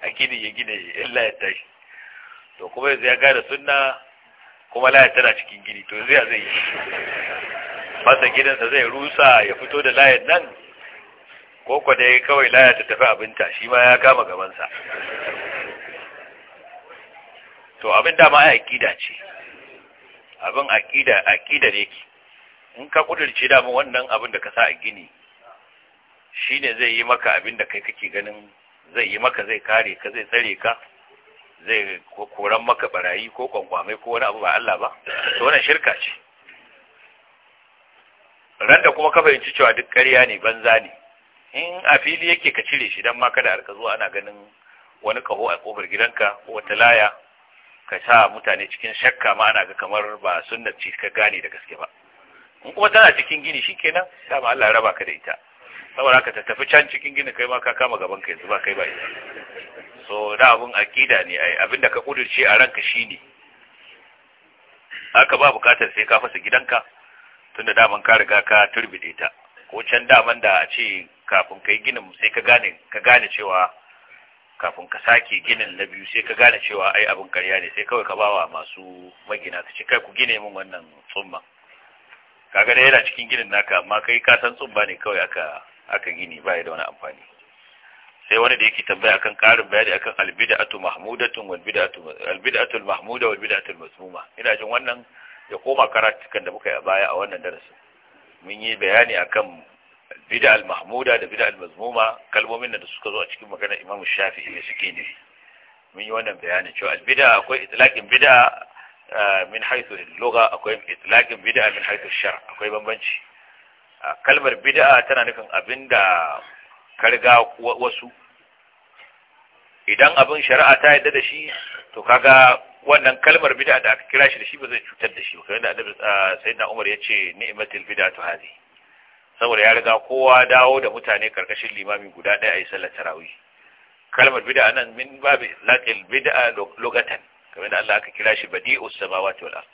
a gini ya gina illa ya tashi to kuma yanzu ya gane sunna kuma layar tana cikin gini to zai zai yi masa gidansa zai rusa ya fito da layar nan ko kwa ya kawai layar ta tafi abinta shi ma ya kama gabansa to abin dama ya aƙida ce abin aƙida ne yake in ka kudurci damu wannan abin da ka sa a gini shine zai yi maka abin da kai kake ganin zai yi maka zai kare ka zai tsare ka zai koran maka barayi ko kwankwamai ko wani abu ba Allah ba to wannan shirka ce ran kuma ka fahimci cewa duk ƙarya ne banza ne in a fili yake ka cire shi dan ma kada arka zuwa ana ganin wani kaho a kofar gidanka ko wata laya ka sa mutane cikin shakka ma ana ga kamar ba sunnar ce ka gane da gaske ba in kuma tana cikin gini shikenan dama Allah ya raba ka da ita saboda ka tafi can cikin gini kai ma ka kama gaban ka yanzu ba kai ba ita so da abin akida ne ai da ka kudurce a ranka shi shine haka ba bukatar sai ka fasa gidanka tunda daman ka riga ka turbide ta ko can daman da a ce kafin kai ginin sai ka gane ka gane cewa kafin ka sake ginin na biyu sai ka gane cewa ai abin karya ne sai kawai ka bawa masu magina ka ce kai ku gine min wannan tsumma kaga da yana cikin ginin naka amma kai ka san tsumma ne kawai aka aka gini ba da wani amfani sai wani da yake tambaya akan karin bayani akan albid'atu mahmudatun wal bid'atu albid'atul mahmuda wal bid'atul masmuma ina jin wannan ya koma karatukan da muka yi a baya a wannan darasin mun yi bayani akan al mahmuda da al mazmuma kalmomin da suka zo a cikin magana Imam Shafi'i ne suke ne mun yi wannan bayanin cewa albida akwai itlaqin bid'a min haythu al-lugha akwai itlaqin bid'a min haythu al-shar akwai bambanci kalmar bid'a tana nufin abinda ka riga wasu idan abin shari'a ta yadda da shi to kaga wannan kalmar bid'a da aka kira shi da shi ba zai cutar da shi ba kamar da annabi ah, sayyidina Umar ya ce ni'matul bid'atu hadhi saboda ya riga kowa dawo da mutane karkashin limami guda ɗaya a yi sallar tarawih kalmar bid'a nan min babi laqil bid'a lugatan kamar da Allah aka kira shi badi'us samawati wal ard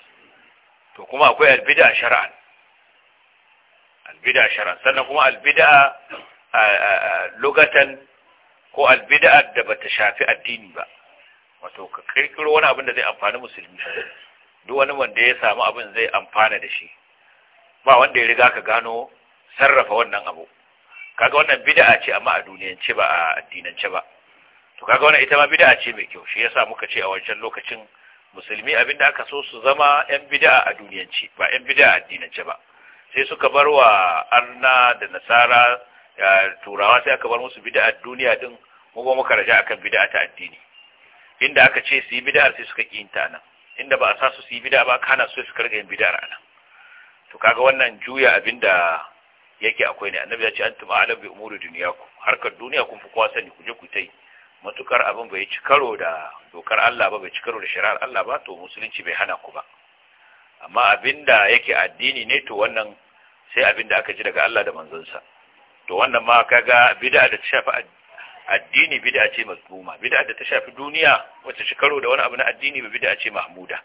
to kuma akwai al bid'a shar'an al shar'an sannan kuma al lugatan ko albida'ar da bata shafi addini ba wato ka kirkiro wani abin da zai amfani musulmi duk wani wanda ya samu abin zai amfana da shi ba wanda ya riga ka gano sarrafa wannan abu kaga wannan bid'a ce amma a duniyance ba a addinance ba to kaga wannan ita ma bid'a ce mai kyau shi yasa muka ce a wancan lokacin musulmi abin da aka so su zama yan bida'a a duniyance ba yan bid'a a addinance ba sai suka bar wa arna da nasara turawa sai aka bar musu bid'ar duniya din mu ba muka raja akan bid'a ta addini inda aka ce su yi bid'ar sai suka ki ta nan inda ba a sa su su yi bid'a ba kana so su karga yin bid'ar nan to kaga wannan juya abinda yake akwai ne annabi ya ce antum a'lam bi umuri dunyakum harkar duniya kun fi kowa sani ku je ku tai matukar abin bai ci karo da dokar Allah ba bai ci karo da shari'ar Allah ba to musulunci bai hana ku ba amma abinda yake addini ne to wannan sai abinda aka ji daga Allah da manzonsa to wannan ma kaga bid'a da ta shafi addini bid'a ce mazmuma bid'a da ta shafi duniya wacce shi karo da wani abu na addini ba bid'a ce mahmuda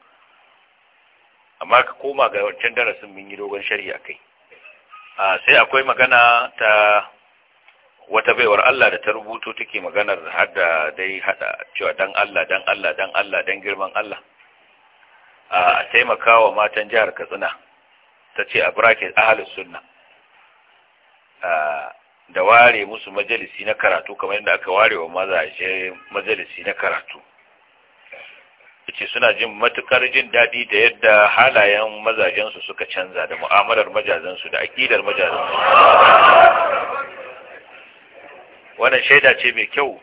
amma ka koma ga wancan darasin mun yi dogon sharhi akai a sai akwai magana ta wata baiwar Allah da ta rubuto take maganar da dai hada cewa dan Allah dan Allah dan Allah dan girman Allah a taimakawa matan jihar Katsina tace a bracket ahlus sunna da ware musu majalisi na karatu kamar yadda aka ware wa mazaje majalisi na karatu ce suna jin matukar jin daɗi da yadda halayen mazajensu suka canza da mu'amalar majazansu da aƙidar majazansu wannan shaida ce mai kyau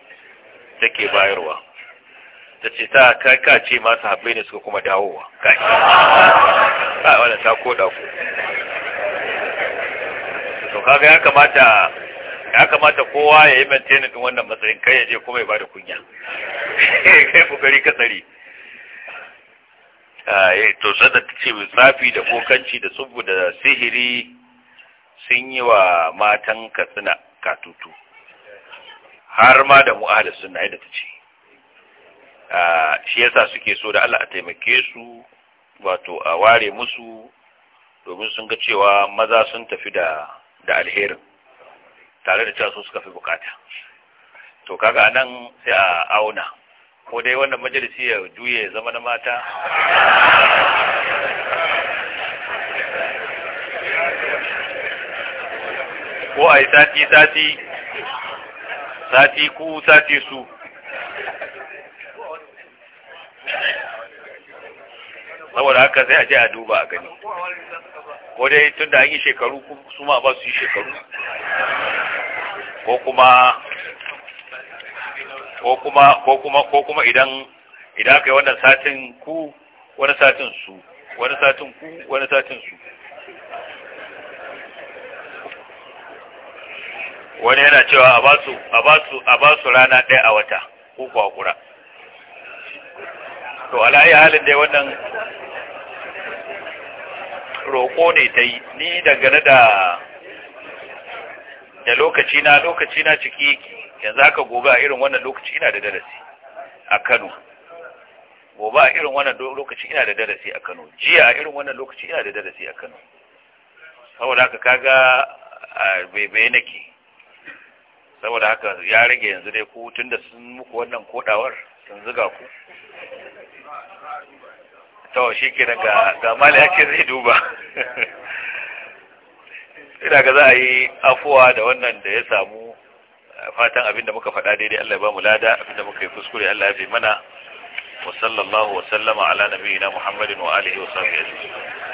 take bayarwa ta ce ta kaka ce masu haɓe ne suka kuma dawowa kaki ba wadda ta koda ku to kaga ya kamata ya kamata kowa ya yi maintainer din wannan matsayin kai ya je kuma ya bada kunya kai gari ka tsari ah, eh, to sada ta ce tsafi da kokanci da tsubu da sihiri sun yi wa matan katsina katutu har ma da mu'ahal sunna yadda ta ce ah, shi yasa suke so da Allah a taimake su wato a ware musu domin sun ga cewa maza sun tafi da da alherin tare da cewa su suka fi bukata to kaga nan sai a auna ko dai wannan majalisi ya juye ya zama na mata ko a yi sati sati sati ku sati su saboda haka sai a je a duba a gani ko dai tun da an yi shekaru su ma ba su yi shekaru ko kuma ko kuma ko idan aka yi wannan satin ku wani satin su wani satin ku wani satin su wani yana cewa a basu a basu a basu rana ɗaya a wata ko kwakura to alayi halin dai wannan roƙo ne ta yi ni dangane da da lokaci na lokaci na ciki yanzu haka gobe a irin wannan lokaci ina da darasi a Kano gobe a irin wannan lokaci ina da darasi a Kano jiya a irin wannan lokaci ina da darasi a Kano saboda haka kaga bebe nake saboda haka ya rage yanzu dai ku tunda sun muku wannan kodawar sun zuga ku to shi ke nan ga mali ake zai duba ina ga za a yi afuwa da wannan da ya samu fatan abinda muka faɗa daidai Allah ya ba mu lada abinda muka yi kuskure Allah ya fi mana wa sallallahu wa sallama ala nabiyina Muhammadin wa alihi wa sahbihi